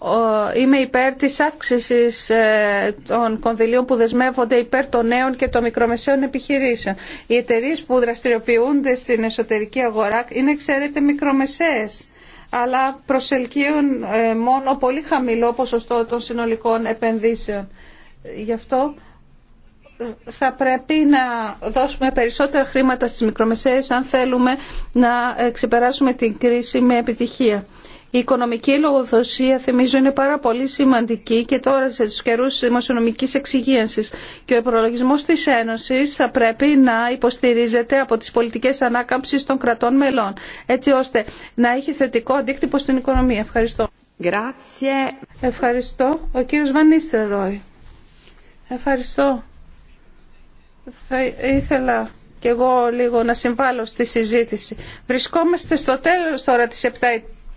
[SPEAKER 6] είμαι υπέρ της αύξησης ε, των κονδυλίων που δεσμεύονται υπέρ των νέων και των μικρομεσαίων επιχειρήσεων. Οι εταιρείε που δραστηριοποιούνται στην εσωτερική αγορά είναι, ξέρετε, μικρομεσαίες, αλλά προσελκύουν ε, μόνο πολύ χαμηλό ποσοστό των συνολικών επενδύσεων. Γι' αυτό ε, θα πρέπει να δώσουμε περισσότερα χρήματα στις μικρομεσαίες αν θέλουμε να ξεπεράσουμε την κρίση με επιτυχία. Η οικονομική λογοδοσία, θυμίζω, είναι πάρα πολύ σημαντική και τώρα σε τους καιρούς δημοσιονομικής εξυγίανσης. Και ο προλογισμός της Ένωσης θα πρέπει να υποστηρίζεται από τις πολιτικές ανάκαμψεις των κρατών μελών, έτσι ώστε να έχει θετικό αντίκτυπο στην οικονομία. Ευχαριστώ. Grazie. Ευχαριστώ. Ο κύριος Βανίστερ Ρόι. Ευχαριστώ. Θα ήθελα και εγώ λίγο να συμβάλλω στη συζήτηση. Βρισκόμαστε στο τέλος τώρα της επτά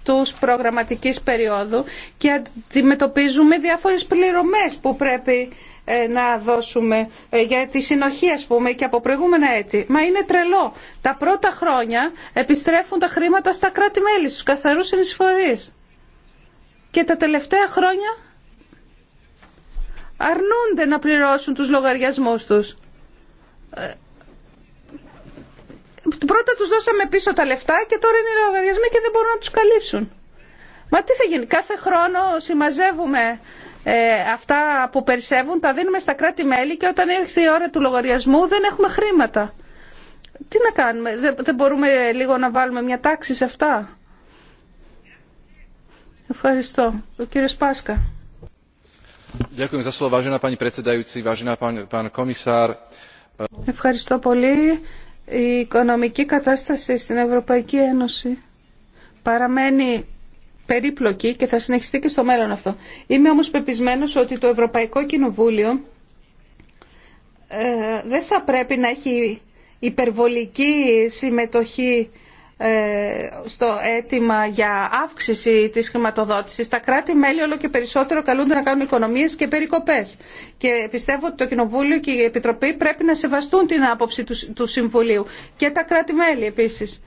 [SPEAKER 6] τους προγραμματικής περίοδου και αντιμετωπίζουμε διάφορες πληρωμές που πρέπει ε, να δώσουμε ε, για τη συνοχή ας πούμε και από προηγούμενα έτη. Μα είναι τρελό. Τα πρώτα χρόνια επιστρέφουν τα χρήματα στα κράτη-μέλη, στους καθαρούς συνεισφορείς. Και τα τελευταία χρόνια αρνούνται να πληρώσουν τους λογαριασμούς τους. Ε, πρώτα τους δώσαμε πίσω τα λεφτά και τώρα είναι λογαριασμοί και δεν μπορούν να τους καλύψουν. Μα τι θα γίνει, κάθε χρόνο συμμαζεύουμε ε, αυτά που περισσεύουν, τα δίνουμε στα κράτη-μέλη και όταν έρχεται η ώρα του λογαριασμού δεν έχουμε χρήματα. Τι να κάνουμε, δεν, δεν μπορούμε λίγο να βάλουμε μια τάξη σε αυτά. Ευχαριστώ. Ο κύριος Πάσκα. Ευχαριστώ πολύ. Η οικονομική κατάσταση στην Ευρωπαϊκή Ένωση παραμένει περίπλοκη και θα συνεχιστεί και στο μέλλον αυτό. Είμαι όμως πεπισμένος ότι το Ευρωπαϊκό Κοινοβούλιο ε, δεν θα πρέπει να έχει υπερβολική συμμετοχή ε, στο αίτημα για αύξηση της χρηματοδότησης, τα κράτη-μέλη όλο και περισσότερο καλούνται να κάνουν οικονομίες και περικοπές. Και πιστεύω ότι το Κοινοβούλιο και η Επιτροπή πρέπει να σεβαστούν την άποψη του Συμβουλίου και τα κράτη-μέλη επίσης.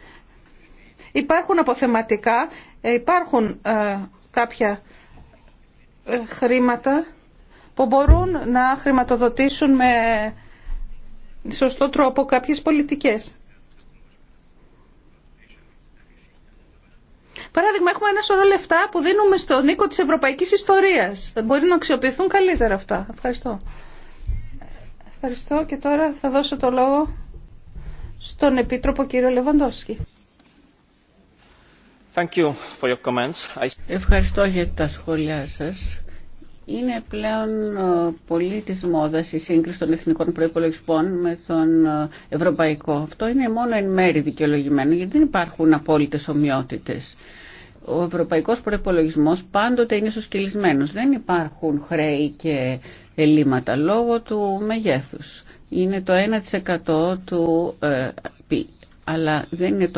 [SPEAKER 6] Υπάρχουν αποθεματικά, ε, υπάρχουν ε, κάποια χρήματα που μπορούν να χρηματοδοτήσουν με σωστό τρόπο κάποιες πολιτικές. Παράδειγμα, έχουμε ένα σωρό λεφτά που δίνουμε στον οίκο της ευρωπαϊκής ιστορίας. Μπορεί να αξιοποιηθούν καλύτερα αυτά. Ευχαριστώ. Ευχαριστώ και τώρα θα δώσω το λόγο στον Επίτροπο κύριο Λεβαντόσκη.
[SPEAKER 7] Ευχαριστώ για τα σχόλιά σας. Είναι πλέον ε, πολύ της μόδας η σύγκριση των εθνικών προϋπολογισμών με τον ε, ευρωπαϊκό. Αυτό είναι μόνο εν μέρη δικαιολογημένο γιατί δεν υπάρχουν απόλυτες ομοιότητες ο ευρωπαϊκός προϋπολογισμός πάντοτε είναι ισοσκελισμένος. Δεν υπάρχουν χρέη και ελλείμματα λόγω του μεγέθους. Είναι το 1% του ε, αλλά δεν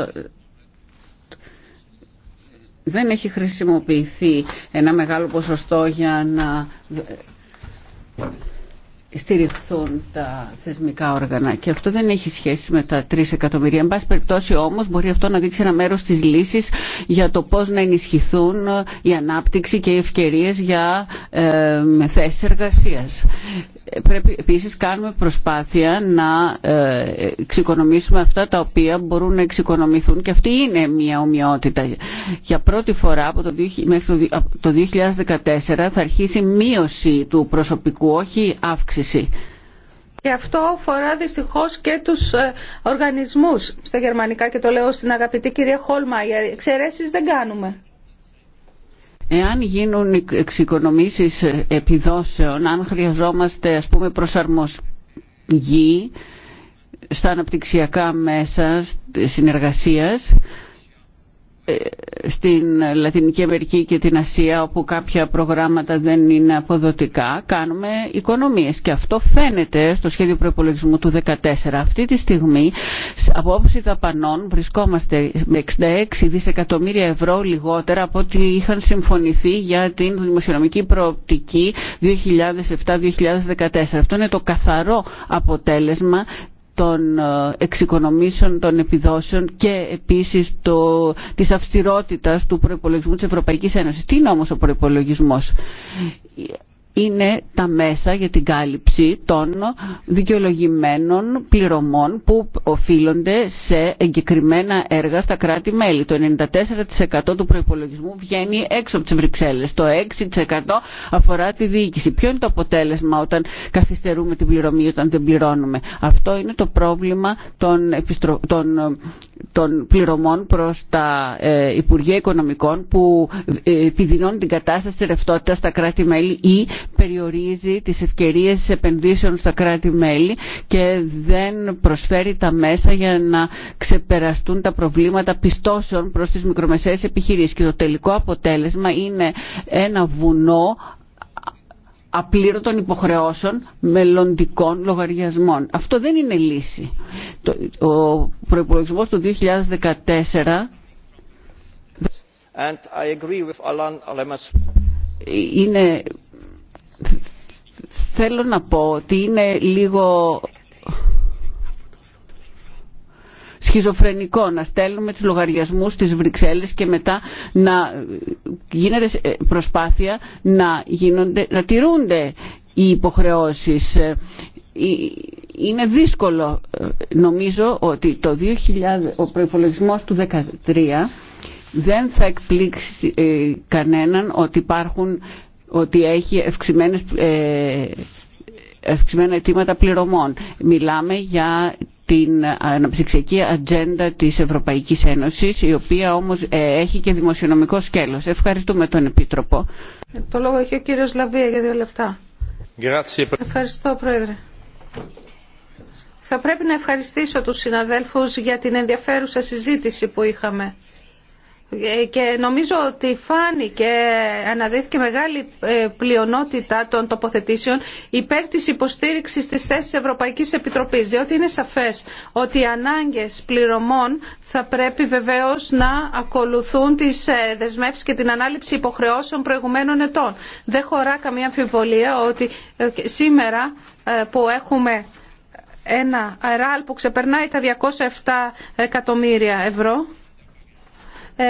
[SPEAKER 7] Δεν έχει χρησιμοποιηθεί ένα μεγάλο ποσοστό για να στηριχθούν τα θεσμικά όργανα. Και αυτό δεν έχει σχέση με τα 3 εκατομμυρία. Εν πάση περιπτώσει όμως μπορεί αυτό να δείξει ένα μέρος της λύσης για το πώς να ενισχυθούν η ανάπτυξη και οι ευκαιρίες για ε, θέσεις εργασίας. Πρέπει επίσης κάνουμε προσπάθεια να ε, εξοικονομήσουμε αυτά τα οποία μπορούν να εξοικονομηθούν και αυτή είναι μια ομοιότητα. Για πρώτη φορά από το, μέχρι το 2014 θα αρχίσει μείωση του προσωπικού, όχι αύξηση
[SPEAKER 6] και αυτό αφορά δυστυχώ και του ε, οργανισμού στα γερμανικά και το λέω στην αγαπητή κυρία Χόλμα. Οι εξαιρέσει δεν κάνουμε.
[SPEAKER 7] Εάν γίνουν εξοικονομήσει ε, επιδόσεων, αν χρειαζόμαστε ας πούμε προσαρμογή στα αναπτυξιακά μέσα συνεργασίας, ε, στην Λατινική Αμερική και την Ασία όπου κάποια προγράμματα δεν είναι αποδοτικά κάνουμε οικονομίες και αυτό φαίνεται στο σχέδιο προϋπολογισμού του 2014. Αυτή τη στιγμή από όψη δαπανών βρισκόμαστε με 66 δισεκατομμύρια ευρώ λιγότερα από ό,τι είχαν συμφωνηθεί για την δημοσιονομική προοπτική 2007-2014. Αυτό είναι το καθαρό αποτέλεσμα των ε, εξοικονομήσεων των επιδόσεων και επίσης το, της αυστηρότητας του προϋπολογισμού της Ευρωπαϊκής Ένωσης. Τι είναι όμως ο προϋπολογισμός είναι τα μέσα για την κάλυψη των δικαιολογημένων πληρωμών που οφείλονται σε εγκεκριμένα έργα στα κράτη-μέλη. Το 94% του προϋπολογισμού βγαίνει έξω από τις Βρυξέλλες. Το 6% αφορά τη διοίκηση. Ποιο είναι το αποτέλεσμα όταν καθυστερούμε την πληρωμή, όταν δεν πληρώνουμε. Αυτό είναι το πρόβλημα των, επιστρο... των... πληρωμών προς τα ε, Υπουργεία Οικονομικών που ε, επιδεινώνουν την κατάσταση ρευτότητα στα κράτη-μέλη ή περιορίζει τις ευκαιρίες επενδύσεων στα κράτη-μέλη και δεν προσφέρει τα μέσα για να ξεπεραστούν τα προβλήματα πιστώσεων προς τις μικρομεσαίες επιχειρήσεις. Και το τελικό αποτέλεσμα είναι ένα βουνό απλήρωτων υποχρεώσεων μελλοντικών λογαριασμών. Αυτό δεν είναι λύση. Ο προπολογισμό του 2014 είναι θέλω να πω ότι είναι λίγο σχιζοφρενικό να στέλνουμε τους λογαριασμούς στις Βρυξέλλες και μετά να γίνεται προσπάθεια να, γίνονται, να τηρούνται οι υποχρεώσεις. Ε, είναι δύσκολο. Ε, νομίζω ότι το 2000, ο προϋπολογισμός του 2013 δεν θα εκπλήξει ε, κανέναν ότι υπάρχουν ότι έχει ευξημένες, ε, ευξημένα αιτήματα πληρωμών. Μιλάμε για την αναψυξιακή ατζέντα της Ευρωπαϊκής Ένωσης, η οποία όμως ε, έχει και δημοσιονομικό σκέλος. Ευχαριστούμε τον Επίτροπο.
[SPEAKER 6] Ε, το λόγο έχει ο κύριος Λαβία για δύο λεπτά. Ευχαριστώ, Πρόεδρε. Θα πρέπει να ευχαριστήσω τους συναδέλφους για την ενδιαφέρουσα συζήτηση που είχαμε και νομίζω ότι φάνηκε, αναδύθηκε μεγάλη ε, πλειονότητα των τοποθετήσεων υπέρ της υποστήριξης της θέσης Ευρωπαϊκής Επιτροπής, διότι είναι σαφές ότι οι ανάγκες πληρωμών θα πρέπει βεβαίως να ακολουθούν τις ε, δεσμεύσεις και την ανάληψη υποχρεώσεων προηγουμένων ετών. Δεν χωρά καμία αμφιβολία ότι ε, σήμερα που έχουμε ένα ραλ που ξεπερνάει τα 207 εκατομμύρια ευρώ, ε,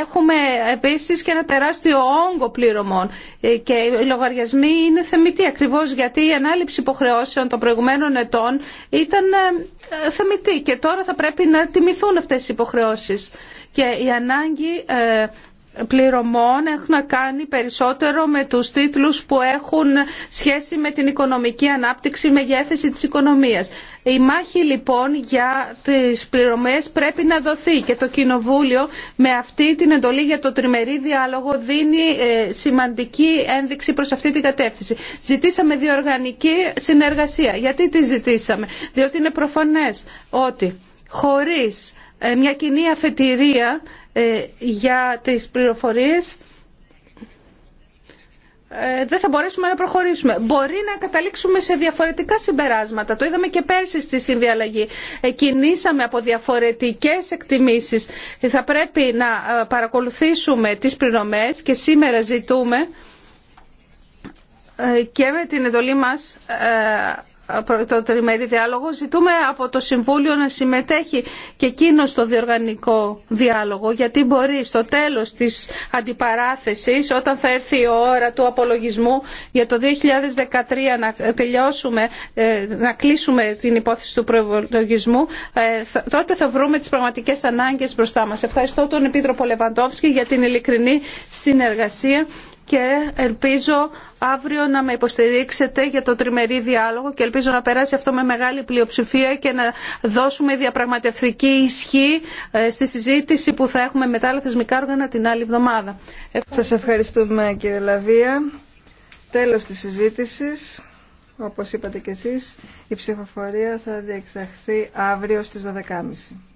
[SPEAKER 6] έχουμε επίσης και ένα τεράστιο όγκο πληρωμών ε, και οι λογαριασμοί είναι θεμητοί ακριβώς γιατί η ανάληψη υποχρεώσεων των προηγουμένων ετών ήταν ε, θεμητή και τώρα θα πρέπει να τιμηθούν αυτές οι υποχρεώσεις και η ανάγκη πληρωμών έχουν να κάνει περισσότερο με τους τίτλους που έχουν σχέση με την οικονομική ανάπτυξη, με γέθεση της οικονομίας. Η μάχη λοιπόν για τις πληρωμές πρέπει να δοθεί και το Κοινοβούλιο με αυτή την εντολή για το τριμερή διάλογο δίνει ε, σημαντική ένδειξη προς αυτή την κατεύθυνση. Ζητήσαμε διοργανική συνεργασία. Γιατί τη ζητήσαμε. Διότι είναι προφανές ότι χωρίς ε, μια κοινή αφετηρία ε, για τις πληροφορίες ε, δεν θα μπορέσουμε να προχωρήσουμε. Μπορεί να καταλήξουμε σε διαφορετικά συμπεράσματα. Το είδαμε και πέρσι στη συνδιαλλαγή. Ε, κινήσαμε από διαφορετικές εκτιμήσεις. Θα πρέπει να παρακολουθήσουμε τις πληρωμές και σήμερα ζητούμε και με την εντολή μας το τριμερή διάλογο, ζητούμε από το Συμβούλιο να συμμετέχει και εκείνο στο διοργανικό διάλογο, γιατί μπορεί στο τέλος της αντιπαράθεσης, όταν θα έρθει η ώρα του απολογισμού για το 2013 να τελειώσουμε, ε, να κλείσουμε την υπόθεση του προϋπολογισμού, ε, τότε θα βρούμε τις πραγματικές ανάγκες μπροστά μας. Ευχαριστώ τον Επίτροπο Λεβαντόφσκι για την ειλικρινή συνεργασία και ελπίζω αύριο να με υποστηρίξετε για το τριμερή διάλογο και ελπίζω να περάσει αυτό με μεγάλη πλειοψηφία και να δώσουμε διαπραγματευτική ισχύ ε, στη συζήτηση που θα έχουμε με τα άλλα θεσμικά όργανα την άλλη εβδομάδα. Σας ευχαριστούμε κύριε
[SPEAKER 5] Λαβία. Τέλος της συζήτησης. Όπως είπατε και εσείς, η ψηφοφορία θα διεξαχθεί αύριο στις 12.30.